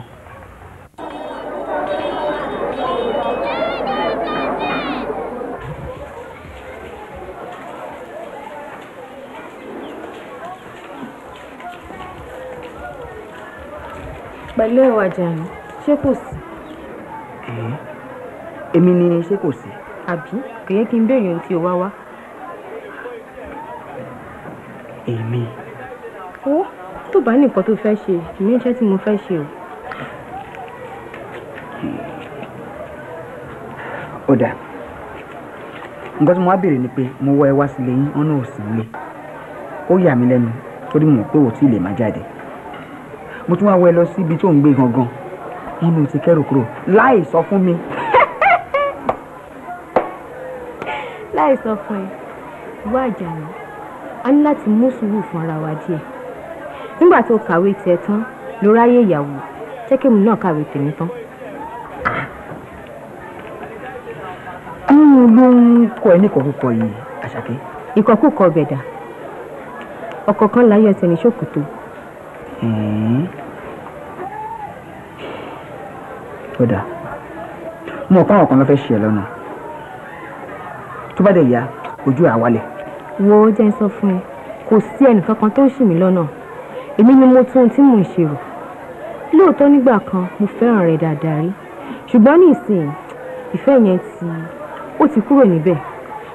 pẹ̀lẹ́ o Àjàyí ṣé kò sí. èmi ni ṣé kò sí. àbí kò yẹ kí n béèrè ohun tí o wá wá. èmi. ó tó bá nìkan tó fẹ́ ṣe kì í ní tí mo fẹ́ ṣe o. ó dáa nǹkan tí mo wá béèrè ni pé mo wá ẹ wá sílé yín ọ̀nà òsì nílé ó yà mí lẹ́nu torí mo mọ̀ pé òtí lè má jáde mo tún wá wẹ lọ síbi tó ń gbé gangan wọn ló ti kẹ́rù kúrò láì sọ fún mi. láì sọ fún ẹ wá àjànà a ní láti mú sùúrù fún ara wa díẹ̀ nígbà tó kàwé tiẹ̀ tán ló ráyè ìyàwó jẹ́kẹ́mi náà kàwé tèmi tán. nínú ló ń kọ ẹ níkọ̀ọ́kọ̀ yìí àṣàkẹ́. ìkọ̀kùkọ̀ bẹ̀dà ọ̀kọ̀ọ̀kan láyé ẹsẹ̀ ní ṣòkòtò Mm-hmm. ó dáa mo pa àwọn kan lọ fẹ́ ṣe ẹ lọ́nà tó bá dẹ̀ yá ojú ẹ̀ á wálẹ̀. wo jẹ́ ń sọ fún ẹ kò sí ẹnìkan kan tó ń ṣì mí lọ́nà èmi ni mo tún ohun tí mò ń ṣe rò lóòótọ́ nígbà kan mo fẹ́ràn rẹ̀ dáadáa rí ṣùgbọ́n ní ìsìn ìfẹ́ yẹn ti ó ti kúrò níbẹ̀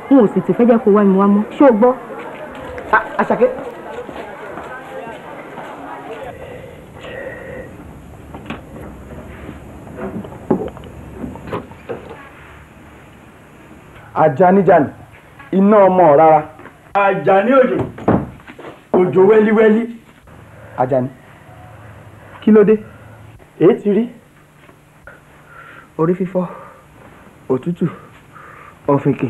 n ò sì ti fẹ́ jẹ́ kó wá mi wá mọ́ ṣé o gbọ́. àṣàkẹ́ ajanijani iná ọmọ rárá. àjàní òjò òjò wẹ́líwẹ́lí. àjàní kí ló dé èé ti rí orí fífọ́ òtútù ọ̀fìnkì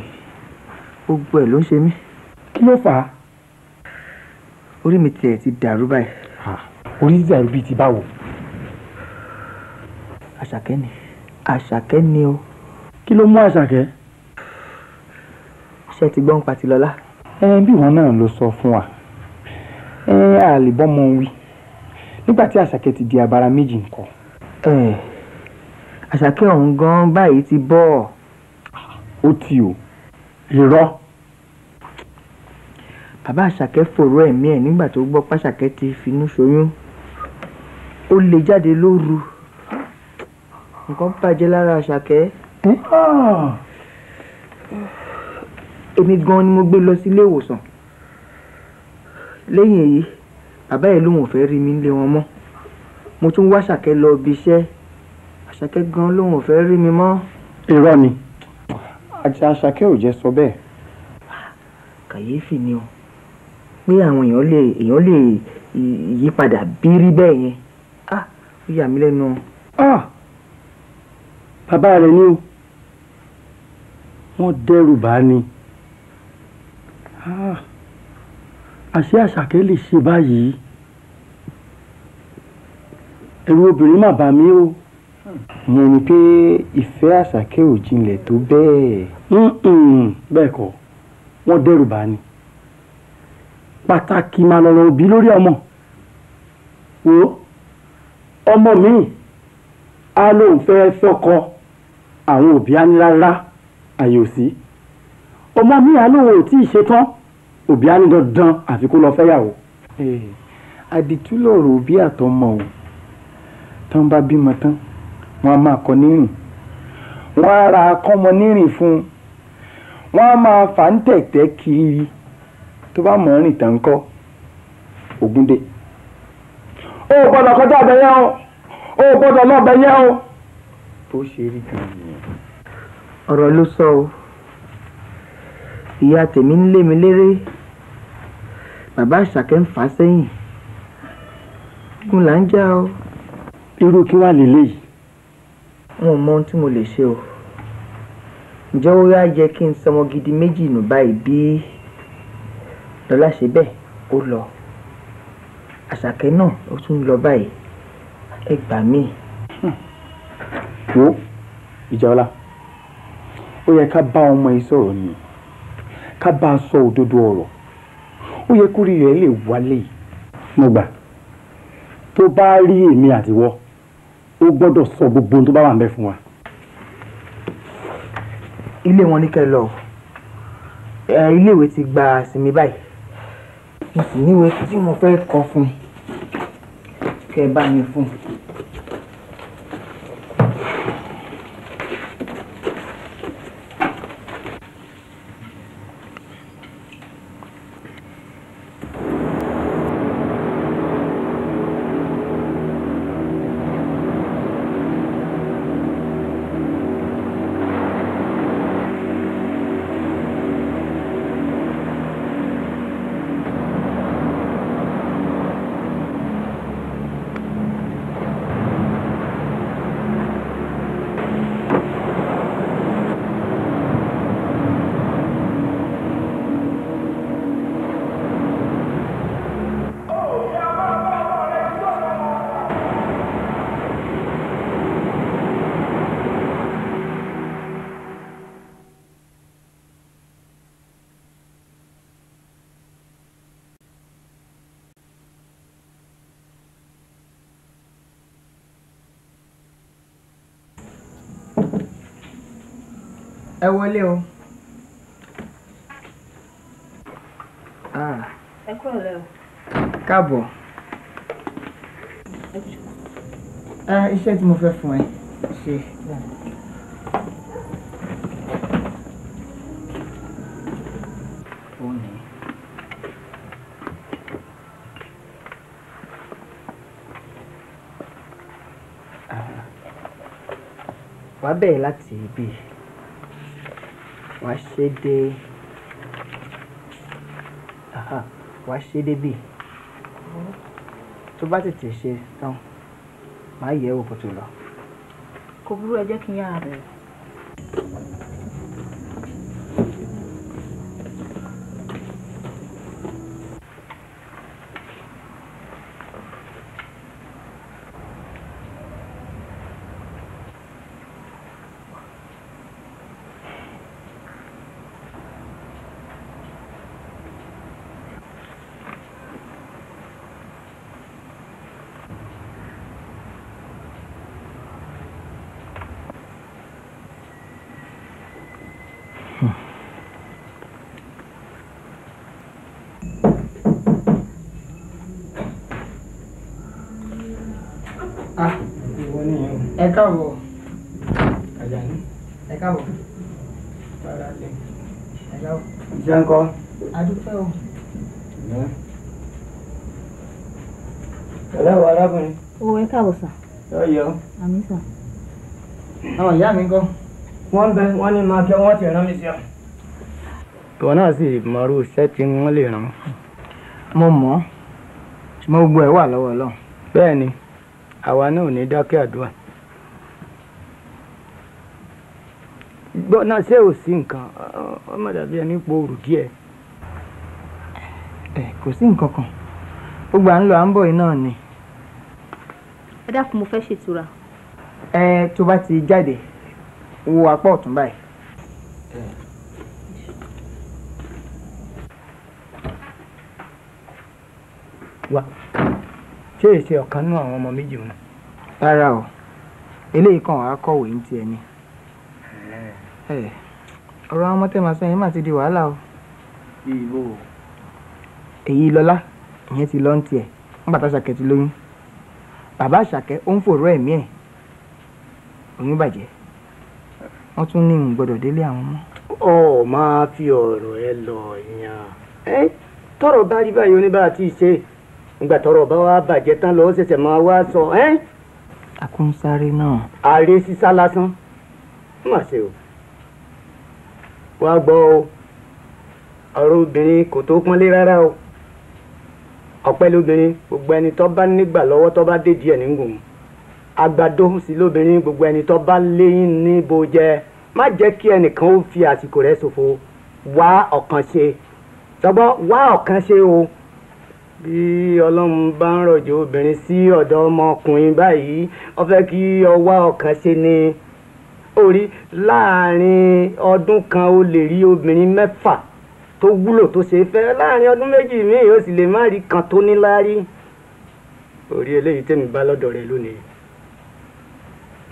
gbogbo ẹ̀ ló ń ṣe mí. kí ló fà á. orí mi tiẹ̀ ti dàrú báyìí. orí ti dàrú bíi ti báwo. àṣàkẹ́ ni àṣàkẹ́ ni o. kí ló mú àṣàkẹ́ ṣe ti gbọ́n pa Tìlọ́lá. ẹ bí wọn náà ló sọ fún wa ẹ a lè bọ́mọ wí nígbà tí àṣàkẹ́ ti di abara méjì nǹkan. ẹ àṣàkẹ́ ọ̀hún gan báyìí ti bọ́ ọ. ó ti o irọ́. bàbá àṣàkẹ́ fòró ẹ̀mí ẹ̀ nígbà tó gbọ́ pàṣàkẹ́ ti finú ṣoyún ó lè jáde lóru nǹkan bàjẹ́ lára àṣàkẹ́. ẹ ah èmi gan ni mo gbé lọ sí ilé ìwòsàn lẹ́yìn èyí bàbá yìí lòun ò fẹ́ rí mi nílé wọn mọ́ mo tún wá ṣàkẹ́ lọ ibi iṣẹ́ àṣàkẹ́ gan lòun ò fẹ́ rí mi mọ́. irọ́ ni àti àṣàkẹ́ ò jẹ́ sọ bẹ́ẹ̀. kàyéfì ni o pé àwọn èèyàn lè èèyàn lè yí padà bírí bẹ́ẹ̀ yẹn ah ó yà mí lẹ́nu. ah bàbá rẹ̀ ni o wọ́n dẹ́rù bá ni. Ah, àṣé àṣàkẹ́ lè ṣe báyìí ẹ̀rù obìnrin mà bà mí o. ìyẹn ni pé ìfẹ́ àṣàkẹ́ ò jinlẹ̀ tó bẹ́ẹ̀. bẹ́ẹ̀ kọ́ wọ́n dẹ́rù bá ní pàtàkì mà lọ̀rọ̀ òbí lórí ọmọ wo ọmọ mi á lóun fẹ́ fọ́kọ àwọn òbí á ní rárá àyè òsí ọmọ mi á lóun ò tí ì ṣetán òbí á ní dandan àfi kó lọ fẹ́yàwó. Eh, àdìtú lọ̀rọ̀ òbí àtọmọ o tán bá bímọ tán wọ́n á máa kọ nírìn wọ́n á ra akọ́mọ nírìn fún un wọ́n á máa fà ń tẹ̀tẹ̀ kiri tó bá mọ̀ ọ́ rìn tán kọ́ ògúndé. o ò gbọ́dọ̀ kọjá ọbẹ̀ yẹn o o ò gbọ́dọ̀ lọ ọbẹ̀ o. bó ṣe rí kan ọ̀rọ̀ ló sọ o ìyá tèmi ń lé mi léré bàbá àṣàkẹ́ ń fà sẹ́yìn ogun là ń já o. irú kí wàá lélẹ̀ yìí. n ò mọ ohun tí mo lè ṣe o ǹjẹ́ ó yá yẹ kí n sọmọ gidi méjì nù báyìí bí lọ́lá ṣe bẹ́ẹ̀ ó lọ àṣàkẹ́ náà ó tún lọ báyìí ẹ gbà mí. wo ìjà ọlá ó yẹ ká bá ọmọ yìí sọ̀rọ̀ ni ká bá a sọ òdodo ọ̀rọ̀ ó yẹ kórè rẹ̀ lè wálé mo gbà tó bá rí èmi àtiwọ́ ó gbọ́dọ̀ sọ gbogbo ohun tó bá wà ń bẹ fún wa. ilé wọn ní kẹ́ lọ iléèwé ti gba sinmi báyìí mo sì níwèé tí mo fẹ́ kọ fún un kẹ́ bá mi fún un. wọlé o. Ah. ẹ kúrò lẹ́ o. káàbọ̀. Ah, iṣẹ́ tí mo fẹ́ fún ẹ ṣe. Ah. wàá bẹ̀rẹ̀ láti ibi yìí wàá ṣe dé wàá ṣe dé bì tó bá tètè ṣe tán màá yẹ̀ ẹ́ wò kó tó lọ. kò burú ẹ jẹ́ kí n ẹ káàbọ̀ Àjàní ẹ káàbọ̀ faralẹ̀ ẹ káàbọ̀. iṣẹ́ ń kọ́. adúpẹ́ o. ẹlẹ́wọ̀ arábìnrin. o ẹ káàbọ̀ sà. yọ yọ. àmì sà. àwọn ìyá mi kọ́. wọ́n ń bẹ wọ́n ní máa kí wọ́n ti rán mi sí ọ. tọ́ náà sì mọ̀rú iṣẹ́ tí wọ́n lè ràn. mo mọ̀ ọ́ mo gbọ́ ẹ wà lọ́wọ́ lọ́wọ́. bẹ́ẹ̀ ni àwa náà ò ní dákẹ́ àdúrà. gbọ́ náà ṣé ò sí nǹkan ọmọ dàbí ẹni po òrù díẹ̀. ẹ kò sí nǹkan kan gbogbo à ń lọ à ń bọ̀ iná ni. ẹ dákun mo fẹ́ ṣètura. ẹ tó bá ti jáde wo apá ọ̀tún báyìí. wa ṣé èsì ọ̀kan nú àwọn ọmọ méjì wọn. rárá o eléyìí kan wàá kọ̀wé ní tiẹ̀ ni. Eh, ọ̀rọ̀ àwọn ọmọ tẹ̀ máa sọ yẹn máa ti di wàhálà o. ìbò. èyí lọlá ìyẹn ti lọ ń tiẹ̀ nígbà tá àṣàkẹ́ ti lóyún bàbá àṣàkẹ́ ó ń fòró ẹ̀mí ẹ̀ oyún bàjẹ́ wọ́n tún ní ìhùn délé àwọn ọmọ. ọ máa fi ọ̀rọ̀ ẹ lọ yan ẹ tọrọ bá rí báyìí oníbà àti ìṣe ìgbà tọrọ bá wá bàjẹ́ tán lọ ó ṣẹ̀ṣẹ̀ máa wá sọ ẹ. akúnsáré náà. ààrẹ sísá lásán má ṣe o. wá gbọ́ o ọ̀rọ̀ obìnrin kò tó pọ́nlé rárá o ọ̀pẹ́ lóbìnrin gbogbo ẹni tó bá nígbà lọ́wọ́ tó bá dé díẹ̀ nígùn àgbàdo sí lóbìnrin gbogbo ẹni tó bá léyìn níbo jẹ má jẹ́ kí ẹnìkan ó fi àsìkò rẹ̀ ṣòfò wá ọ̀kan ṣe tọ́gbọ́ wá ọ̀kan ṣe o bí ọlọ́run bá ń rọ̀jò obìnrin sí ọ̀dọ̀ ọmọkùnrin báyìí ó fẹ́ kí ó ọ̀kan ṣe ni orí láàrin ọdún kan o lè rí obìnrin mẹ́fà tó wúlò tó ṣe é fẹ́ láàrin ọdún méjì míì ó sì lè má rí kan tó ní láárí orí eléyìí tèmi bá lọ́dọ̀ rẹ lónìí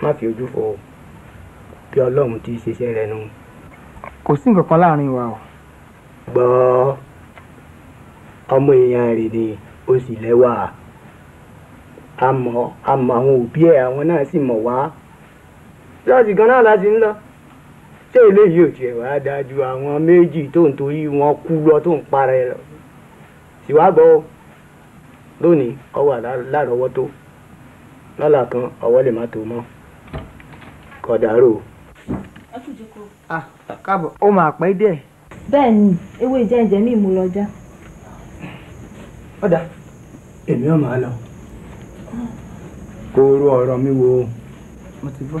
má fi ojú fò bí ọlọ́run ti ṣiṣẹ́ rẹ nu. kò sí nǹkan kan láàrin wa o. gbọ́ ọmọ èèyàn rè ni ó sì lẹ́wà àmọ́ àmọ́ àwọn òbí ẹ̀ àwọn náà sì mọ̀ wá ṣọ́ọ̀ṣì gan náà láti ń lọ ṣé eléyìí ò tiẹ̀ wá dájú àwọn méjì tó ń torí wọn kú lọ tó ń para ẹ lọ ṣìwágbọ́ lónìí ọwọ́ àlárọ̀wọ́tó lọ́la kan ọwọ́ lè má tó mọ́ kọ̀dàrò. káàbọ̀ ó máa pẹ́ díẹ̀. bẹ́ẹ̀ ni ewé jẹ́ǹjẹ́ mi mú lọ́jà. ọ̀dà èmi ò máa lọ kó rú ọ̀rọ̀ mi wò mo ti gbọ́.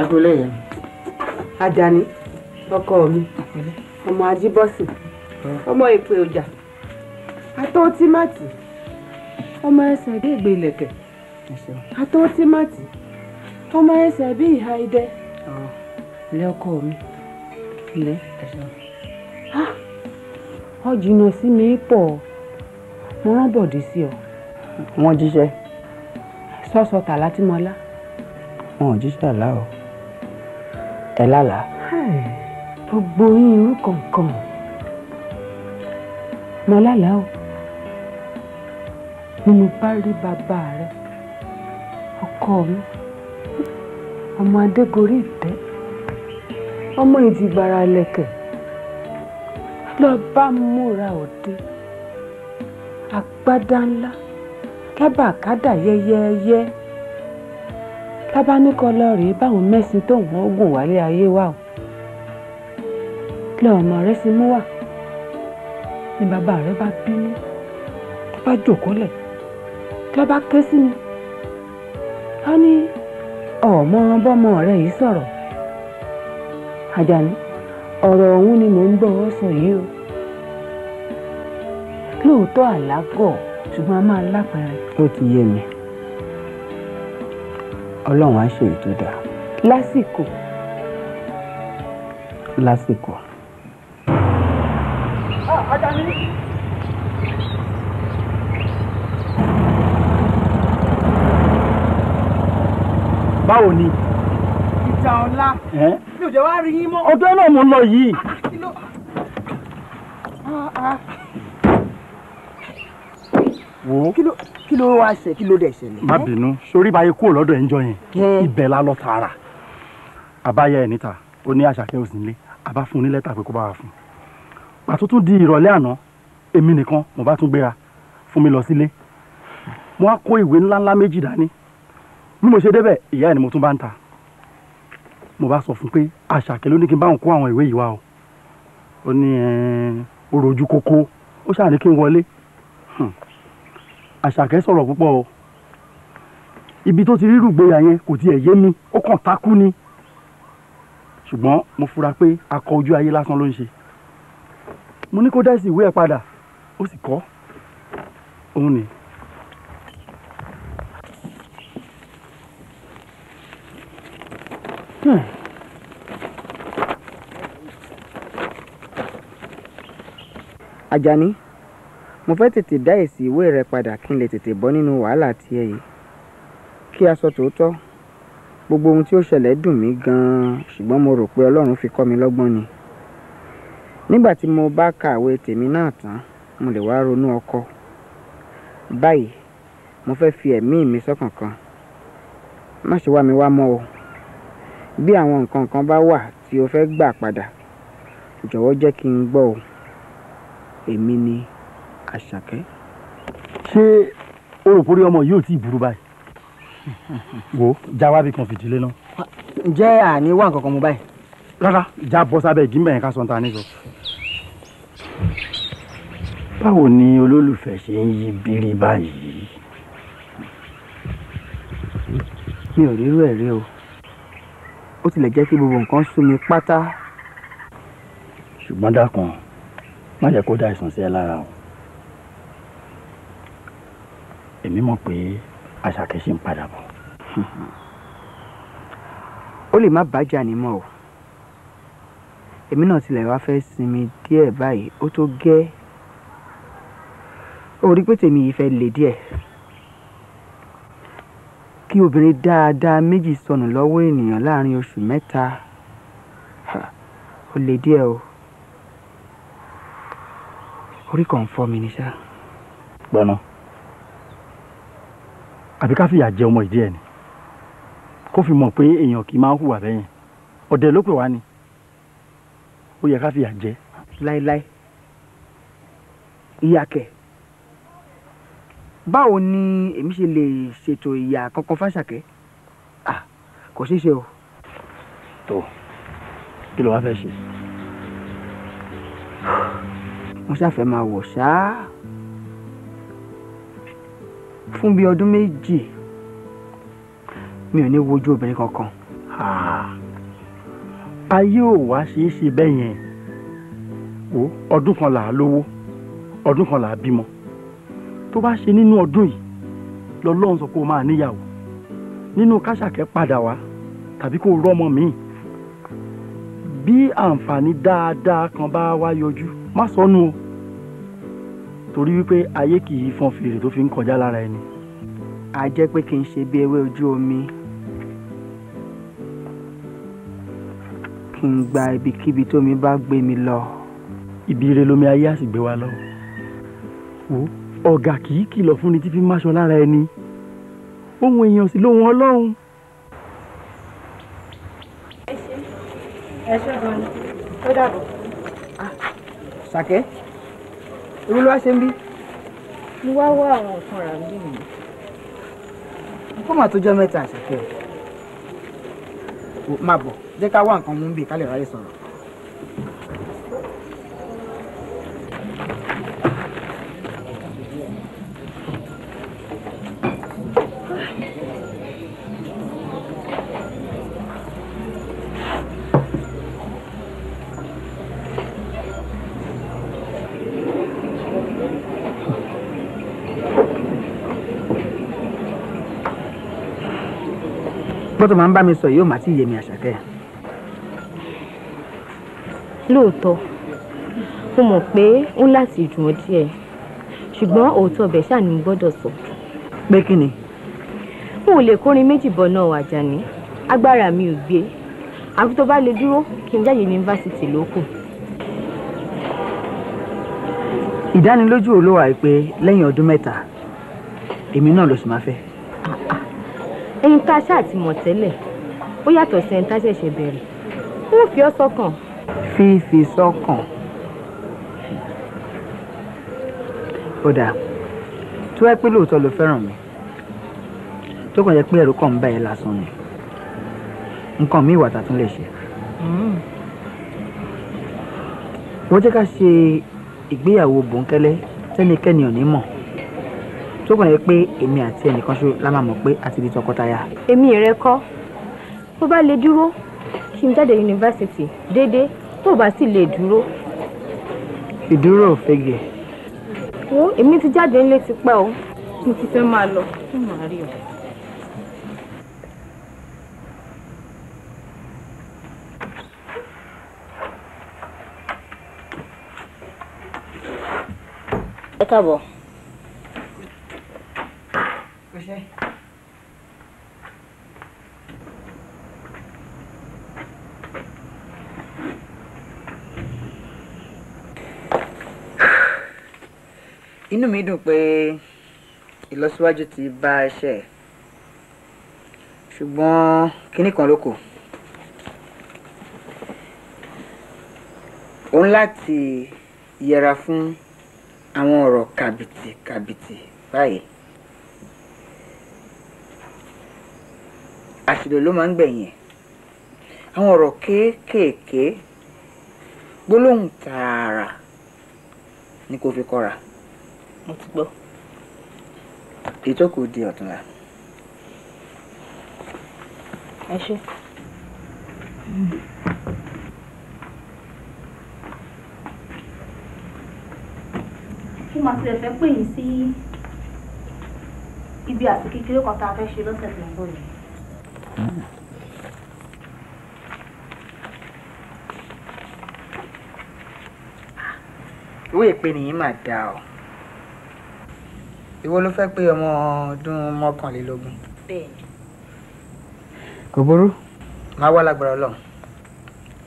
Akúlé yẹn. Ajani ọkọ mi ọmọ Ajíbọ́sìn ọmọ ìpè ọjà atọ́ tímátì ọmọ ẹsẹ̀ bí ìgbé ilẹ̀kẹ̀ atọ́ tímátì ọmọ ẹsẹ̀ bí ìhà idẹ. Ilé ọkọ mi ilé ọ jìnnà sí mi pọ̀ mo rán bọ̀dé sí ọ. Wọ́n jíṣẹ́. Sọ́sọ tàlátìmọ́lá. Wọ́n ò jíṣẹ́ àlá o ẹ lálàá. gbogbo yín irú kankan mo lálàá o ni mo bá rí bàbá rẹ ọkọ mi ọmọ adégorí ìtẹ́ ọmọ ìdìgbàrà lẹ̀kẹ̀ lọ bá múra òde agbádá ńlá lábàkádà yẹ́yẹ́yẹ́. Ye, ye, ye tábà ní kọ́ lọ rèé báwọn mẹ́sìn tó wọ́n gùn wálé ayé wà o lọ́ọ́ ọmọ rẹ sì mú wà ni bàbá rẹ bá bínú tó bá jòkólẹ̀ tó bá ké sí mi á ní ọmọ bọ́mọ rẹ yìí sọ̀rọ̀ Àjàní ọ̀rọ̀ ọ̀hún ni mò ń bọ̀ ọ́ sọ yìí o lóòótọ́ àlágọ̀ ṣùgbọ́n a máa lápẹẹrẹ. ó ti yé mi ọlọ́run á ṣèyí tó dáa lásìkò lásìkò. Ah, báwo ni. ìjà ọ̀la mi ò jẹ́ wá rí yín mọ́. ọdún náà mo lọ yìí. Ah, ah, wo kí ló wá ṣe kí ló dẹ̀ ṣẹlẹ̀. má bínú sórí báyé kúrò lọ́dọ̀ ẹ̀ ń jọ yẹn ibẹ̀ la lọ tààrà àbáyá ẹ̀ níta ó ní àṣàkẹ́ òsì nílé àbá fún un ní lẹ́tà pé kó bá wa fún un pàtó tún di ìrọ̀lẹ́ àná èmi nìkan mo bá tún gbéra fún mi lọ sílé mo á kó ìwé ńláńlá méjì dání bí mo ṣe débẹ̀ ìyá ẹ̀ ni mo tún bá ń ta mo bá sọ fún pé àṣàkẹ́ ló ní kí n bá òun kó àwọn ìwé yìí wá o ó ní ó rojú kókó ó ṣáà kí n wọlé àṣàkẹ́ sọ̀rọ̀ púpọ̀ o ibi tó ti rírù gbéra yẹn kò tiẹ̀ yé mi ó kàn takú ni ṣùgbọ́n mo fura pé akọ ojú ayé lásán ló ń ṣe mo ní kó dá sí ìwé ẹ̀ padà ó sì kọ́ òun ni. Hmm. Ajani mo fẹ́ tètè dá èsì ìwé rẹ padà kí n lè tètè bọ́ nínú wàhálà tiẹ̀ yìí kí a sọ tòótọ́ gbogbo ohun tí ó ṣẹlẹ̀ dùn mí gan-an ṣùgbọ́n mo rò pé ọlọ́run fi kọ́ mi lọ́gbọ́n ni nígbà tí mo bá kàwé tèmi náà tán mo lè wá ronú ọkọ báyìí mo fẹ́ fi ẹ̀mí mi sọ́kàn kan má ṣe wá mi wá mọ́ o bí àwọn nǹkan kan bá wà tí o fẹ́ gbà padà jọ̀wọ́ jẹ́ kí n gbọ́ o èmi ni àṣàkẹ́ ṣé o rò pórí ọmọ yóò tí ì burú báyìí wò jáwábì kan fìdílé náà. ǹjẹ́ àní wà nǹkan kan mú báyìí. rárá já bọ́ sábẹ́ ìgbìmọ̀ yẹn ká sọ ta ní báwo ni olólùfẹ́ ṣe ń yí bírí báyìí. mi ò rírú ẹ̀ rí o ó tilẹ̀ jẹ́ kí gbogbo nǹkan sú mi pátá. ṣùgbọ́n dákun má jẹ́ kó dá ìsànsẹ́ lára o. èmi mọ̀ pé àṣàkẹ́ ṣì ń padà bọ̀. ó lè má bàjá ni mọ́ o èmi náà tilẹ̀ wá fẹ́ sinmi díẹ̀ báyìí ó tó gẹ́ orí pé tèmi yìí fẹ́ lè díẹ̀ kí obìnrin dáadáa méjì sọnù lọ́wọ́ ènìyàn láàrin oṣù mẹ́ta ó lè díẹ̀ o orí kan fọ́ mi ní gbọ́nà. Bueno àbí ká fìyà jẹ ọmọ ìdí ẹ̀ ni kó fi mọ̀ pé èèyàn kì í máa ń hùwà bẹ́yẹn ọ̀dẹ̀ ló pè wá ni ó yẹ ká fìyà jẹ. láéláé ìyá kẹ báwo ni èmi ṣe lè ṣètò ìyá kankan fáṣàkẹ́ kò ṣeé ṣe o. tó kí ló wá fẹ́ ṣe. mo ṣàfẹ́ máa wọ̀ ṣáá fún bíi ọdún méjì mi ò ní wojú obìnrin kankan. ayé ò wá ṣeé ṣe bẹ́ẹ̀ yẹn o ọdún kan là á lówó ọdún kan là á bímọ tó bá ṣe nínú ọdún yìí lọ́lọ́run sọ pé o máa níyàwó nínú káṣàkẹ́ padà wá tàbí kó o rọ́mọ míì bí àǹfààní dáadáa kan bá wá yọjú má sọnù o torí wípé ayé kì í fọn fèrè tó fi ń kọjá lára ẹni. a jẹ́ pé kì í ṣe bí ewé ojú omi kí n gba ibikíbi tómi bá gbé mi lọ. ibi ire lomi ayé á sì gbé wa lọ. wo ọ̀gá kì í kìlọ̀ fúnni tí fi ń máṣọ lára ẹni ohun èèyàn sì lóhun ọlọ́run. ẹ ṣe ẹ ṣe gan-an ó dàbọ̀. sàkẹ́. Ah, èwo ló wá ṣe ń bí. mo wá wá àwọn ọ̀tún ra mi nìyí. kó mà tó jọ mẹ́ta àṣàkẹ́ ẹ̀ máa bọ̀ jẹ́ ká wá nǹkan mú bí ká ráyè sọ̀rọ̀. nǹkan tó máa ń bá mi sọ yìí ó máa ti yé mi àṣàkẹ́. lóòótọ́ mo mọ̀ pé ń láti dùn ọ́ díẹ̀ ṣùgbọ́n òótọ́ ọbẹ̀ ṣáà ni mo gbọ́dọ̀ sọ. pé kí ni. n ò lè kórin méjì bọ́ náà Àjàní agbára mi ò gbé àfi tó bá lè dúró kí n jáde yunifásitì ló ìdánilójú olówà pé lẹ́yìn ọdún mẹ́ta èmi náà ló sì máa fẹ́ ẹyin tá a ṣáà ti mọ̀ tẹ́lẹ̀ ó yàtọ̀ sí ẹni tá a ṣẹ̀ṣẹ̀ bẹ̀rẹ̀ ó fi ọ́ sọ́kàn. fífi sọ́kàn. ó dáa tí wàá pé lóòótọ́ ló fẹ́ràn mi tó kàn jẹ́ pé ẹ̀rù kàn ń bá ẹ lásán ni nǹkan mi ìwà tàtún lè ṣe. Mm. wọ́n jẹ́ ká ṣe ìgbéyàwó bòńkẹ́lẹ́ tẹ́nikẹ́ni ò ní mọ̀ tó kàn yẹ pé èmi àti ẹnìkan ṣe la máa mọ̀ pé a ti di tọkọtaya. èmi rẹ kọ́ tó bá lè dúró kí n jáde yunifásitì déédéé tó bá sì lè dúró. ìdúró ò wo èmi ti jáde nílé tipẹ́ o mo ti fẹ́ máa lọ ẹ káàbọ̀ ṣe. inú mi dùn pé ìlọsíwájú ti bá iṣẹ́ ẹ̀ ṣùgbọ́n kinní kan ló kù òun láti yẹra fún àwọn ọ̀rọ̀ kàbìtì kàbìtì báyìí. àṣìlò ló máa ń gbẹ̀yìn ẹ̀ àwọn ọ̀rọ̀ kéékèèké gbólóhùn tààrà ni kò fi kọ́ra. mo ti gbọ́. ètò kò di ọ̀túnla. ẹ ṣe. kí màá tilẹ̀ fẹ́ pè yín sí ibi àti kékeré kan tá a fẹ́ ṣe lọ́sẹ̀ tó ń bọ̀ yìí ìwé ìpè nìyí mà dá o ìwọ ló fẹ́ pé ọmọ ọdún mọ́kànlélógún. bẹ́ẹ̀ni. kò burú. máa wá lágbára Ọlọ́run.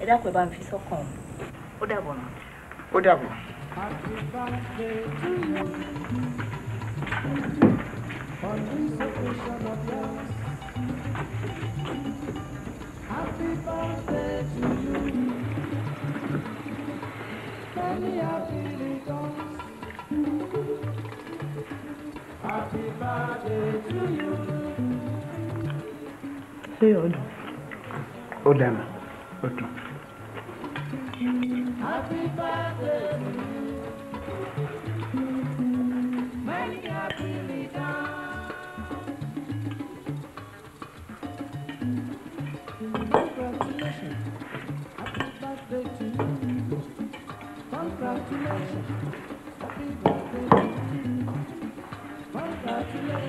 ẹ dákun ẹ bá mi fi sọ́kàn ó dàbọ̀ náà. ó dàbọ̀. On this Happy birthday to you. Many happy returns. Happy birthday to you. Ṣé ọdún? Ó dáná, ó dùn. Happy birthday to you. Many happy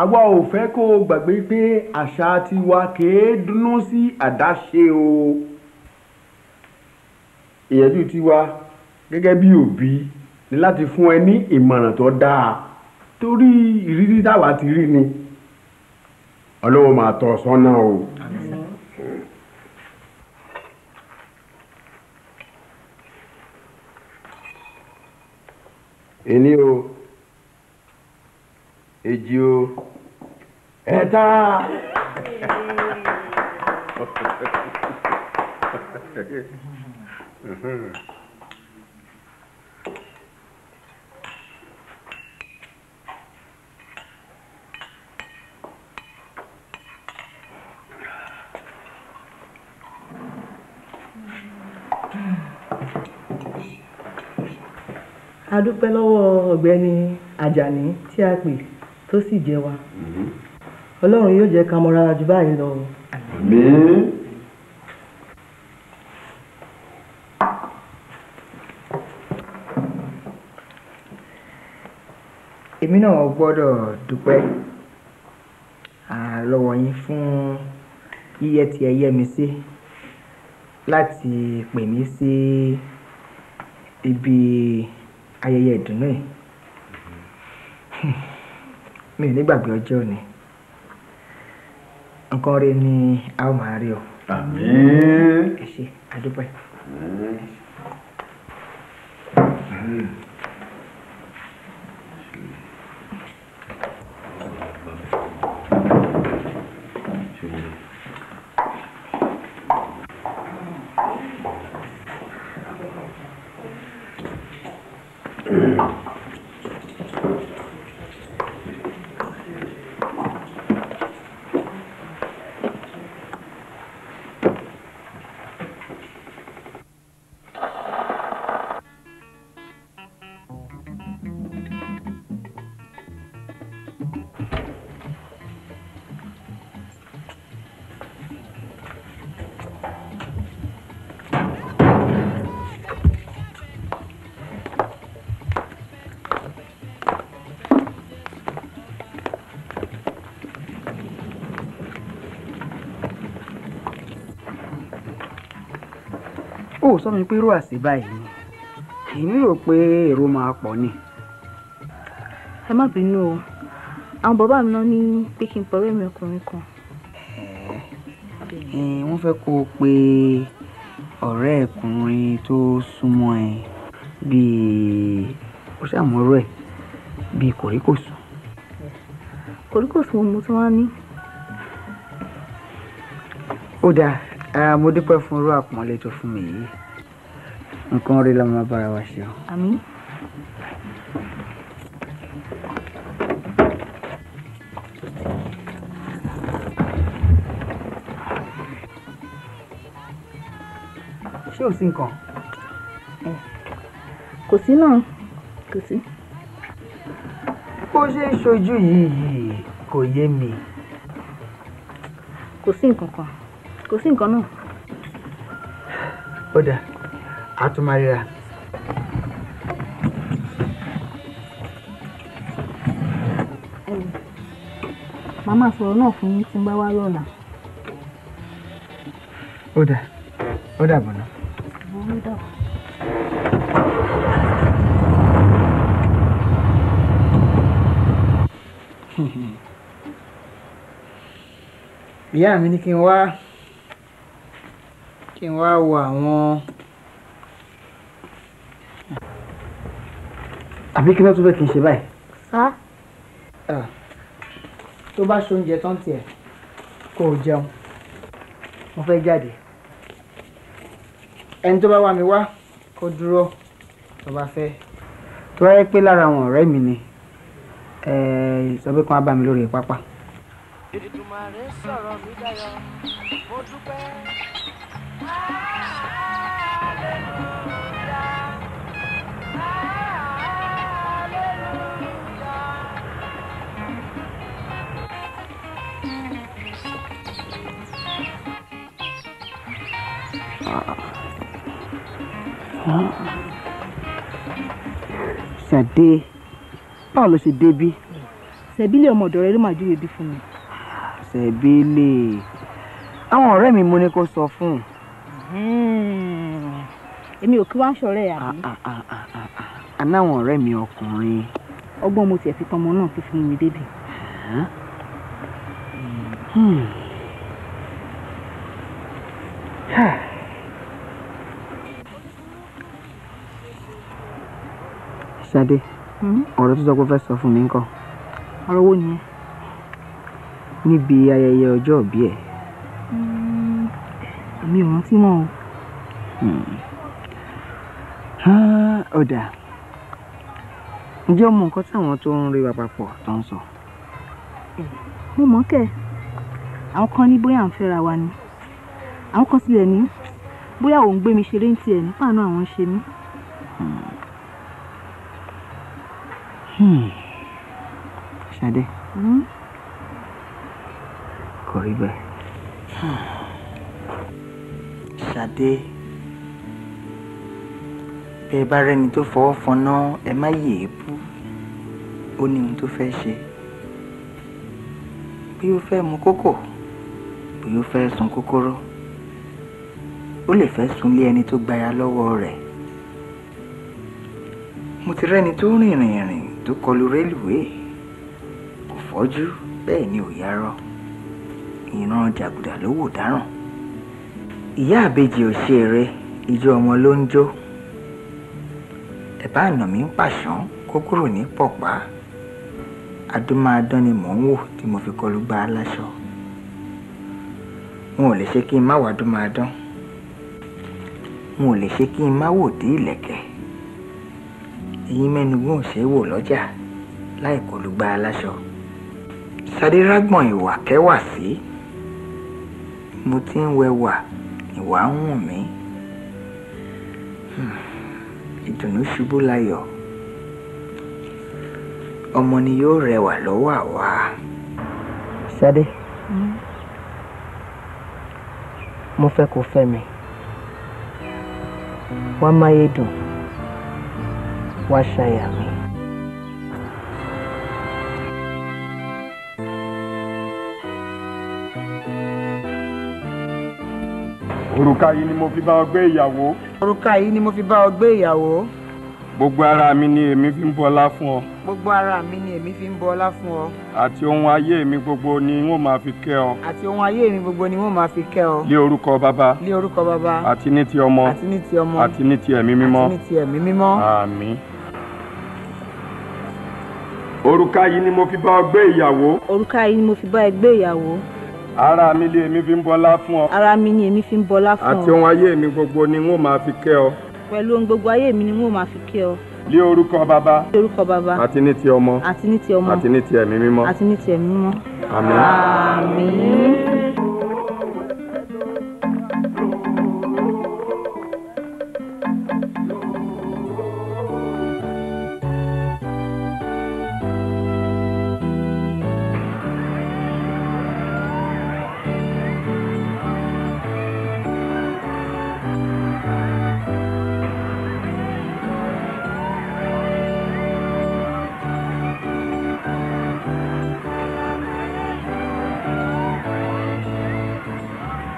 àwa ò fẹ́ kó o gbàgbé pé àṣà tiwa kèé dúnú sí àdáṣe o ìyẹ́jú tiwa gẹ́gẹ́ bí òbí ni láti fún ẹ ní ìmọ̀ràn tó dáa torí ìrírí táwa ti rí ni ọlọ́wọ́ máa tọ́ sọ́nà o. èmi o ejio ẹ̀ta. a dúpẹ́ lọ́wọ́ ọ̀gbẹ́ni Àjàní tí a pè tó sì jẹ wa ọlọ́run yóò jẹ́ ká mọra jù báyìí lọ. àmín. èmi náà gbọ́dọ̀ dúpẹ́ lọ́wọ́ yín fún yíyẹ tí ẹ yẹ mi sí láti pè mí sí ibi ayẹyẹ ìdùnnú yìí mi ò nígbàgbé ọjọ́ òní nǹkan rẹ ni a ó máa rí ọ. àmín. ẹ ṣé a Mm. Mm. ó sọ mi pé irú àṣìbá yìí ni èmi rò pé èrò máa pọ̀ ni. ẹ má bínú o àwọn bàbá mi náà ní pé kí n pọ̀rọ̀ èmi ọkùnrin kan. wọ́n fẹ́ kó o pe ọ̀rẹ́ ẹ̀kùnrin tó súnmọ́ ẹ bíi ó ṣàmúrò ẹ̀ bíi kòríkòsùn. kòríkòsùn mo tún wá ní. ó dáa Ah, mo dúpẹ́ fún irú àpọ́nlé tó fún mi yìí nǹkan rí la máa bára wa ṣe o. àmín. ṣé ò sí nǹkan. kò sí náà kò sí. bó ṣe ń ṣojú yìí yìí kò yé mi. kò sí nǹkan kan kò sí nǹkan náà. ó dà á tún máa ríra. màmá sọ̀rọ̀ náà fún yín tí ń bá wá lọ́la. ó dà ó dà bọ̀ ìyá mi ní kí n wá kí n wá wo àwọn. àbí kí náà tún fẹ́ kí n ṣe báyìí. sá. tó bá ṣe oúnjẹ tán tiẹ̀ kó o jẹun mo fẹ́ jáde ẹni tó bá wá mi wá kó dúró tó bá fẹ́ tó bá yẹ pé lára àwọn ọ̀rẹ́ mi ni sọ pé kí wọ́n bá mi lórí pápá. Èdùmàrè sọ̀rọ̀ mi dayọ̀ mo dúpẹ́. Sade, báwo ló ṣe débí. ṣẹ̀bílẹ̀ ọmọ ọ̀dọ̀ rẹ ló máa júwe bí fún mi. ṣẹ̀bílẹ̀ àwọn ọ̀rẹ́ mi mo ní kó sọ fún. Hmm. èmi ò kí wá ń ṣọ̀rẹ́ àmì. anáwọn ah, ah, ah, ọ̀rẹ́ mi ọkùnrin. ọgbọ́n mo tiẹ̀ fi tọmọ náà fi fún mi débí. Hmm. hmm. Sade. Hmm? ọ̀rọ̀ tó sọ pé ó fẹ́ sọ fún mi ńkọ́. ọ̀rọ̀ wo nìyẹn. níbi ayẹyẹ ọjọ́ òbí ẹ̀. Hmm, mi ò rántí mọ́ o. ọ̀dà hmm. ǹjẹ́ o mọ nǹkan táwọn tó ń rí wa papọ̀ tó ń sọ. mo mọ̀ kẹ́ àwọn kan ní bóyá à ń fẹ́ra wa ni àwọn kan tilẹ̀ ní bóyá òun gbé mi ṣeré ní tiẹ̀ nípa àánú àwọn ṣe mí. Ṣadé hmm. hmm? kò rí bẹ́ẹ̀. Ṣadé hmm. bí ẹ bá rẹ́ni tó fọwọ́ fọná ẹ má yè é bú ó ní ohun tó fẹ́ ṣe bí ó fẹ́ mu kókò bí ó fẹ́ sun kókóró ó lè fẹ́ sunlé ẹni tó gbaya lọ́wọ́ mo ti rẹ́ni tó rìnrìn rìn tó kọlu rélùwéè kò fọ́jú bẹ́ẹ̀ ni ò yarọ ìran jàgùdà ló wò dáràn ìyá àbejì òṣè rẹ ijó ọmọ ló ń jó ẹ̀bá àná mi ń pàṣán kó kúrò ní pọ̀pá adúmáadán ni mò ń wò tí mo fi kọlu gba aláṣọ n ò lè ṣe kí n má wàá dúmáadán n ò lè ṣe kí n má wò dé ìlẹ̀kẹ̀ yín mẹ́nugbọ́n ò ṣeé wò lọ́jà láì kọlùgbà aláṣọ sadírágbọ̀n ìwà kẹwà sí mo ti ń wẹwà ìwà ń wùn mí hmm, ìdùnnú ṣubú láyọ̀ ọmọ ni yóò rẹwà lọ́wọ́ àwa. Ṣadé hmm. mo fẹ́ kó fẹ́ mi wá máyé dùn wá ṣàyà mi. òrùka yìí ni mo fi bá ọ gbé ìyàwó. òrùka yìí ni mo fi bá ọ gbé ìyàwó. gbogbo ara mi ni èmi fi ń bọlá fún ọ. gbogbo ara mi ni èmi fi ń bọlá fún ọ. àti ohun ayé mi gbogbo ni n ó máa fi kẹ́ ọ. àti ohun ayé mi gbogbo ni n ó máa fi kẹ́ ọ. lé orúkọ bàbá. lé orúkọ bàbá. àti ní ti ọmọ. àti ní ti ọmọ. àti ní ti ẹ̀mí mímọ́. àti ní ti ẹ̀mí mímọ́. àmín òrùka yìí ni mo fi bá ọ gbé ìyàwó. òrùka yìí ni mo fi bá ẹ ìyàwó. ara mi ni èmi fi ń bọlá fún ọ. ara mi ni èmi fi ń bọlá fún ọ. àti ohun ayé mi gbogbo ni n ó máa fi kẹ́ ọ. pẹ̀lú ohun gbogbo ayé mi ni n ó máa fi kẹ́ ọ lé orúkọ bàbá. lé orúkọ bàbá. àti ní ti ọmọ. àti ní ti ọmọ. àti ní ti ẹ̀mí mímọ́. àti ní ti ẹ̀mí mímọ́. àmín. àmín.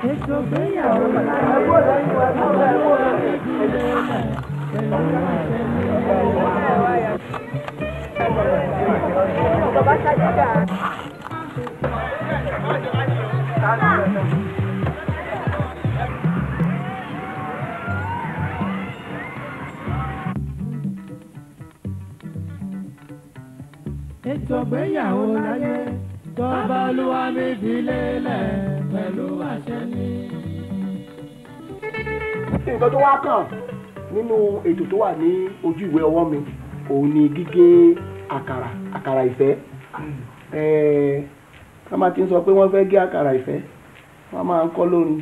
ìṣògbéyàwó láàárọ̀ ètò ìgbéyàwó láyé tọ́ba olúwa mi fi lélẹ̀ pẹ̀lú àṣẹ ni. nǹkan tó wá kàn nínú ètò tó wà ní ojú ìwé ọwọ́ mi òun ni gígé àkàrà àkàrà ìfẹ́ ká máa ti ń sọ pé wọ́n fẹ́ gé àkàrà ìfẹ́ wọ́n máa ń kọ́ lórí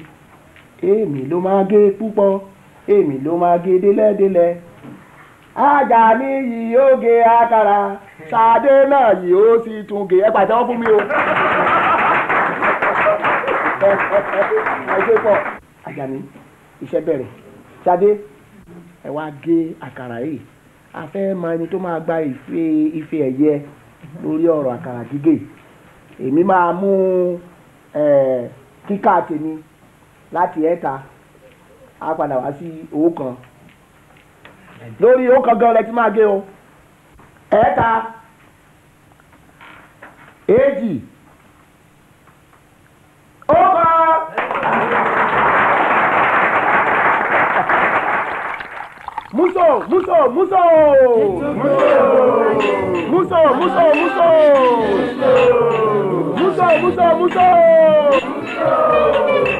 èmi ló máa gé púpọ̀ èmi ló máa gé délẹ́délẹ́ ajá ní yìí ó gé àkàrà ṣáadé náà yìí ó sì tún gé ẹ pàtẹ́wọ́ fún mi o. ṣe pọ̀ àjàní iṣẹ́ bẹ̀rẹ̀ ṣadé ẹ wá gé àkàrà yìí a fẹ́ mọ ẹni tó máa gba ife ife ẹ̀yẹ lórí ọ̀rọ̀ àkàrà gígé èmi máa mú kíkà tèmi láti ẹ̀ta á padà wá sí owó kan lórí owó kan gan-an lẹ ti máa gé o ẹ̀ta èjì. Opa! Muso, muso, muso! Muso, muso, muso! Muso, muso, muso!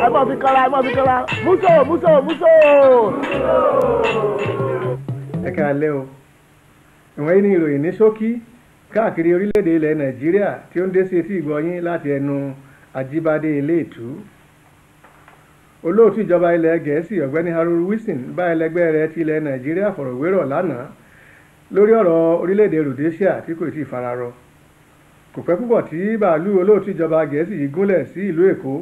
Ẹ máa fi kanra, ẹ máa fi kanra. Muso, muso, muso! Ẹ káalẹ́ o, ìwọ̀n yìí ni ìròyìn ní ṣókí káàkiri orílẹ̀-èdè ilẹ̀ Nàìjíríà tí ó ń dé sí etí ìgbọ́ láti ẹnu. Ajíbádé Eléètú olóòtú ìjọba ilẹ̀ Gẹ̀ẹ́sì ọ̀gbẹ́ni Haruna Wilson bá ẹlẹgbẹ́ rẹ̀ ti ilẹ̀ Nàìjíríà fọ̀rọ̀wérọ̀ lánàá lórí ọ̀rọ̀ orílẹ̀-èdè Rhodesia tí kò tí ì fararọ kò pẹ́ púpọ̀ tí bàálù olóòtú ìjọba Gẹ̀ẹ́sì yìí gúnlẹ̀ sí ìlú Èkó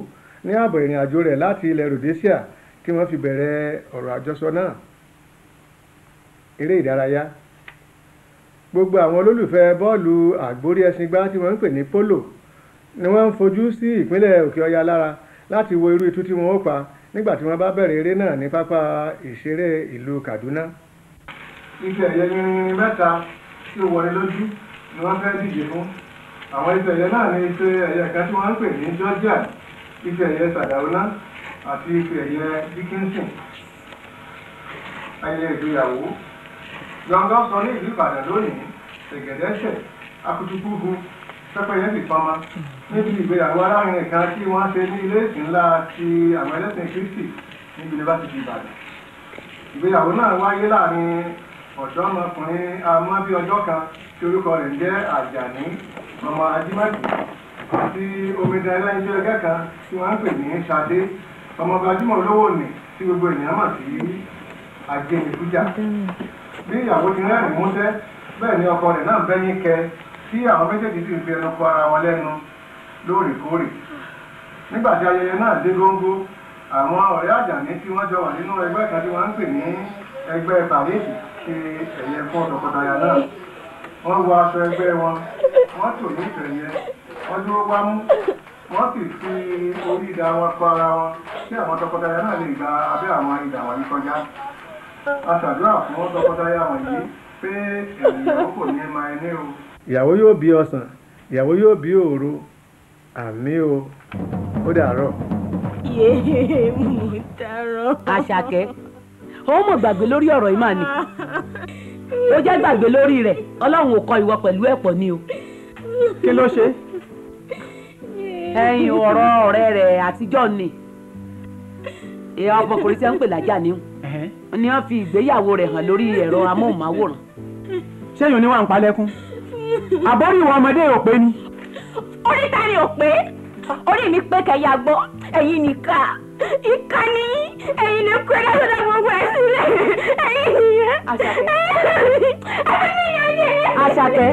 ní ààbọ̀ ìrìn àjò rẹ̀ láti ilẹ̀ Rhodesia tí wọ́n fi bẹ̀rẹ̀ ọ̀rọ̀ àjọsọ náà eré ìdárayá gbogbo àwọn olólùfẹ́ bọ́ọ̀lù àgbórí ẹṣin gbá tí wọ́n ń pè ní polo ni wọ́n ń fojú sí ìpínlẹ̀ òkè ọya lára láti wo irú itú tí wọ́n ó pa nígbà tí wọ́n bá bẹ̀rẹ̀ eré náà ní pápá ìṣeré ìlú Kaduna. ife ẹ̀yẹ irin mẹ́ta tí ó wọlé lójú ni wọ́n fẹ́ díje fún àwọn ife ẹ̀yẹ náà ni ife ẹ̀yẹ kan tí wọ́n ń pè ní Georgia ife ẹ̀yẹ Sardauna àti ife ẹ̀yẹ Dickinson ayẹyẹ ìgbéyàwó gbọ̀ngàn sọ ní ìlú Ìbàdàn lónìí ẹ̀gẹ̀dẹ̀ akutukuhu pẹ́pẹ́ yẹn sì pamọ́ níbi ìgbéyàwó alárinrin kan tí wọ́n ṣe ní ilé ìsìn ńlá ti àwọn ẹlẹ́sìn Kristi níbi yunifásitì Ìbàdàn ìgbéyàwó náà wáyé láàrin ọ̀dọ́mọkùnrin amábí ọjọ́ kan tí orúkọ rẹ̀ ń jẹ́ Àjàní ọmọ Ajímọ́jì àti omidan ẹlẹ́yinjú ẹgbẹ́ kan tí wọ́n ń pè ní Ṣadé ọmọ gbajúmọ̀ olówó ni tí gbogbo ènìyàn mọ̀ sí Ajé Ìfújà bí ìyàwó ti rẹ́rìn músẹ́ bẹ́ẹ̀ ni ọkọ rẹ̀ náà bẹ́yìn kẹ tí àwọn méjèèjì sì ń fi ẹnu kọ ara wọn lẹ́nu lóòrèkóòrè nígbà tí ayẹyẹ náà dé góńgó àwọn ọ̀rẹ́ àjàní tí wọ́n jọ wà nínú ẹgbẹ́ kan tí wọ́n ń pè ní ẹgbẹ́ pàrísì ṣe ẹ̀yẹ fún tọkọtaya náà wọ́n wọ aṣọ ẹgbẹ́ wọn wọ́n tò ní ìtẹ̀yẹ wọ́n dúró fi orí ìdá wọn ara wọn kí àwọn tọkọtaya náà lè gba abẹ́ àwọn ìdá wọn kọjá a ṣàdúrà fún tọkọtaya pé ẹ̀yìn máa o. ìyàwó yóò bí ọ̀sán ìyàwó yóò bí òru àmì o ó dàárọ̀. yéé mo dàárọ̀. àṣàkẹ́ ó mọ̀ gbàgbé lórí ọ̀rọ̀ yìí mà ni ó jẹ́ gbàgbé lórí rẹ̀ ọlọ́run ò kọ ìwọ pẹ̀lú ẹ̀pọ̀ ni o. kí ló ṣe. ẹyin ọ̀rọ̀ ọ̀rẹ́ rẹ̀ àtijọ́ ni ìyá ọmọkùnrin tí wọ́n ń pè lájà ni ni wọ́n fi ìgbéyàwó rẹ̀ hàn lórí ẹ̀rọ amóhùnmáwòrán. ṣé èèyàn ni wà ń palẹ́kún àbọ̀rì ìwà ọmọdé ò pé ni. orí ta ni ò pé orí mi pé kẹyà gbọ́ ẹ̀yin nìka ìka ni ẹ̀yin lè kú ẹ̀dá sọ́dọ̀ gbogbo ẹ̀ sílẹ̀ ẹ̀yin nìyẹn. àṣàkẹ́ àṣàkẹ́.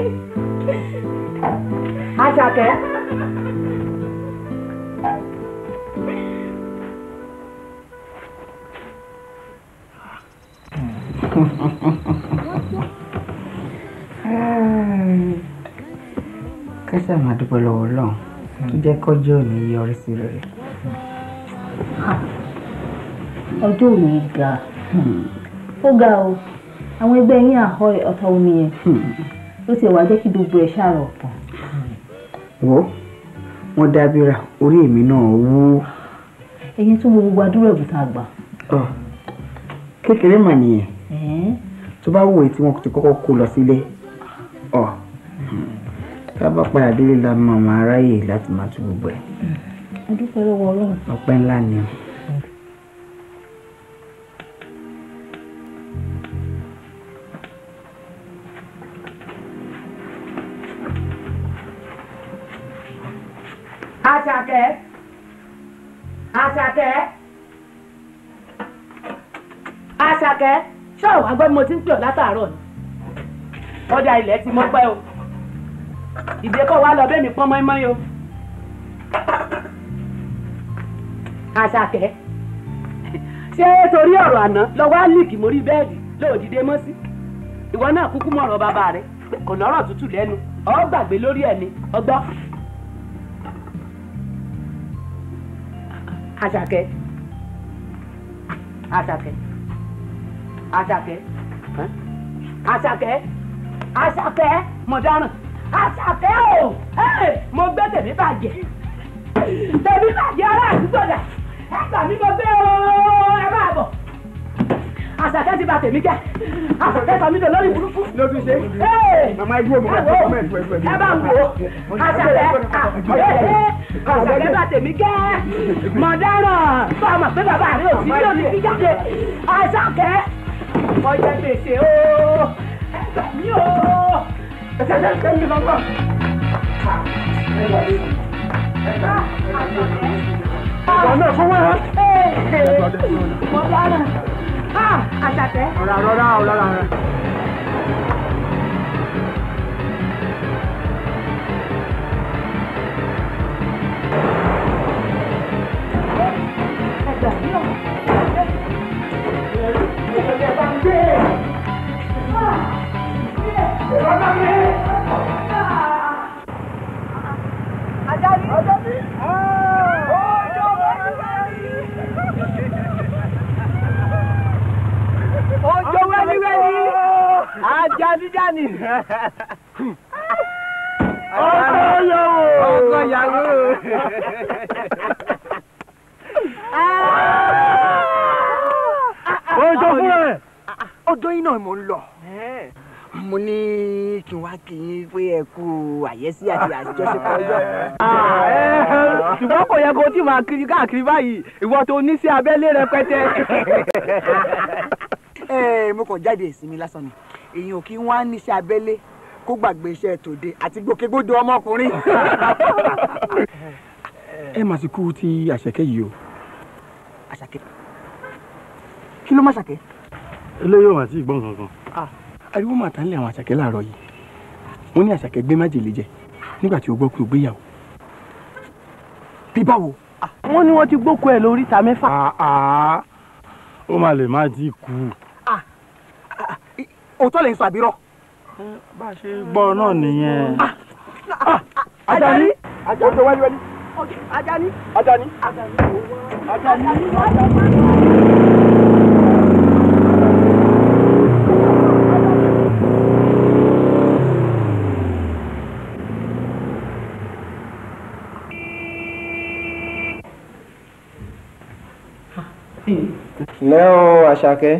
Ha ha ha ha ha kẹsẹ̀ máa dúpẹ́ lọ́wọ́ ọlọ́run tó jẹ́ kọ́jọ́ òní yọrí sí rere. Hmm. ọjọ́ òní ga hmm. ó ga o àwọn ẹgbẹ́ yín àhọ́ ọ̀tọ̀ omi yẹn ló hmm. ti wá jẹ́ kí gbogbo ẹ̀ ṣàrọ̀ ọ̀pọ̀. wo wọn dábìrà orí èmi náà wú. ẹyin tún wo gbogbo adúrò ẹ̀bùn tá a gbà. kékeré mà nìyẹn tó bá wù ẹ́ tí wọ́n ti kọ́kọ́ kó lọ sílé. Si ọ tá a bá padà délé la mọ àwọn aráyè láti máa tún gbogbo ẹ. a dúpẹ́ lọ́wọ́ ọlọ́run. ọpẹ́ ńlá ni o. Àṣàkẹ́ Àṣàkẹ́ Àṣàkẹ́ ṣọ́ọ̀ wá gbọ́ ń pè ọ́ látàárọ̀ ni. ọjà ilẹ̀ ti mọ́ pẹ́ o ìdè kọ́ wa lọ bẹ́ẹ̀mí pọ́n mọ́ínmọ́ yìí o. àṣàkẹ́ ṣé torí ọ̀rọ̀ àná lọ́wọ́ àlìkì mórí bẹ́ẹ̀dì lóòdìdé mọ́ sí ìwọ náà kúkú mọ̀rọ̀ bàbá rẹ kò lọ́rọ̀ tútù lẹ́nu ọ́ gbàgbé lórí ẹ̀ ni ọgbọ́n. àṣàkẹ́ àṣàkẹ́ àṣàkẹ́ àṣàkẹ́. àṣàfẹ́ mọ̀dáràn àṣàfẹ́ o mo gbé tèmi bàjẹ́ tèmi bàjẹ́ ará àdúgbò dà ẹ gbà mí mo gbé o ẹ máa bọ̀ àṣàfẹ́ ti bà tèmi jẹ́ àṣàfẹ́ sọ mí lò lórí burúkú. ló fi ṣe màmá igbó mi kọ́ ọmọ ẹ̀dùn ẹ̀dùn ẹ̀dùn. ẹ bá ń wo àṣàfẹ́ àṣàfẹ́ bà tèmi jẹ́ mọ̀dáràn bá a mọ̀ pé bàbá rẹ̀ ò sí ní òní fi jáde àṣàfẹ́ gbèsè o ọ̀nà fọwọ́ ẹ. mọ̀lá náà àjàtẹ́. ọ̀rọ̀ àrọ́rá ọ̀rọ̀ àrọ́rá. ajá ni. ọkọ yàwó. ọkọ yàwó. ó jọ fún ẹ. ọdún yìí náà mo ń lọ mo ní kí n wá kí n pé ẹ kú àyẹ́sí àti àjọṣepọ̀ ọjọ́. Ah, ṣùgbọ́n kò yẹ kó tí máa kiri káàkiri báyìí ìwọ tó ní sí abẹ́lé rẹpẹtẹ. ẹ eh, mo kàn jáde ìsinmi lásán ni èèyàn kì í wá níṣẹ́ abẹ́lé kó gbàgbé iṣẹ́ tòde àti gbòkègbodò ọmọkùnrin. ẹ mà sì kú ti àṣàkẹ́ yìí o. àṣàkẹ́ kí ló má ṣàkẹ́. eléyìí ò mà tí gbọ́n kankan. ariwo mà tán lé àwọn àṣàkẹ́ láàárọ̀ yìí wọ́n ní àṣàkẹ́ gbé májèlé jẹ nígbà tí o gbọ́ pé o gbéyàwó. bí báwo. wọ́n ní wọ́n ti gbókò ẹ̀ lórí ta mẹ́fà. ó mà lè má tí kú o òótọ́ lè ń sọ àbírọ́. bá a ṣe gbọ́ náà nìyẹn. Ajani Ajani wẹ́lí wẹ́lí. Ajani Ajani Ajani Ajani. lẹ́ọ̀ àṣàkẹ́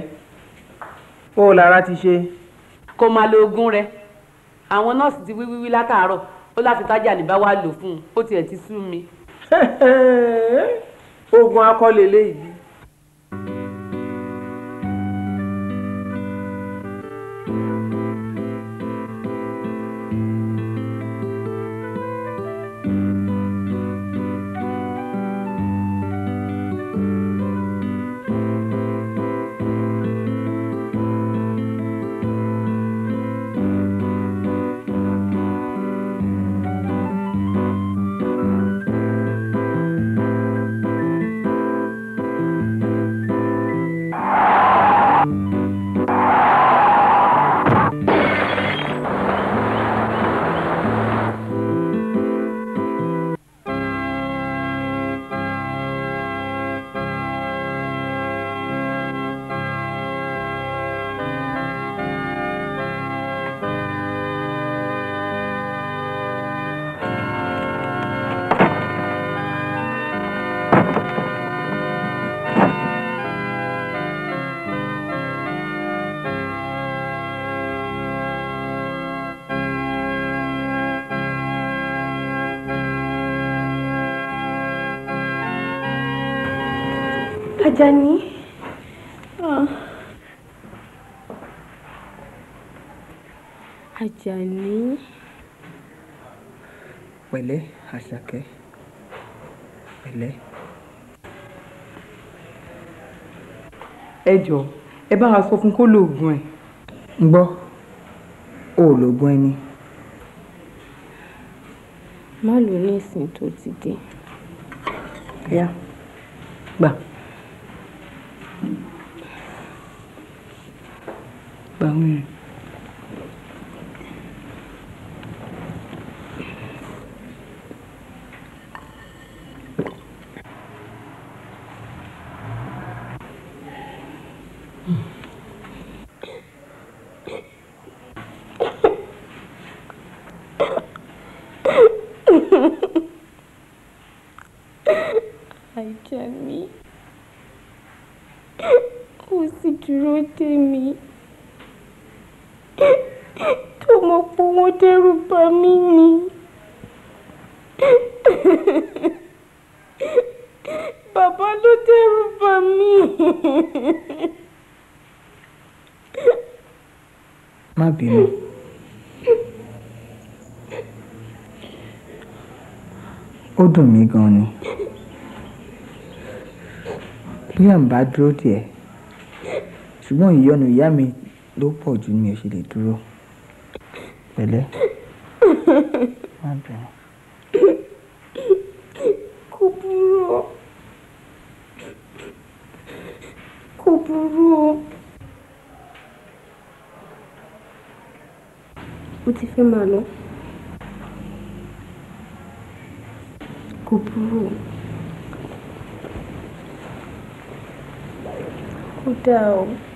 ó lára ti ṣe. kò máa lo oògùn rẹ àwọn nọ́ọ̀sì ti wíwíwí látàárọ̀ ó láti tájà níbà wá lò fún un ó tiẹ̀ ti sú mi. oògùn akọ lélẹ́yìí Ajani. Ah. Ajani. Pẹ̀lẹ́ Àṣàkẹ́. Pẹ̀lẹ́. Ẹ jọ̀ọ́ ẹ bá wa sọ fún kó lóògùn ẹ̀. ń gbọ́ o ò lóògùn ẹni. má lò ní ìsìn tó ti dé. ya gbà. bangun Who's it rooting me? ọmọ dẹ́rù bà mí ni bàbá ló dẹ́rù bà mí. má bínú. ó dùn mí gan ni bí à ń bá dúró díẹ̀ ṣùgbọ́n ìyọnu ìyá mi ló pọ̀ jù ni mi ò ṣe lè dúró pẹ̀lẹ́ má bẹ̀rẹ̀. kò burú o kò burú o. ti fẹ́ máa lọ. kò burú o. dáa o.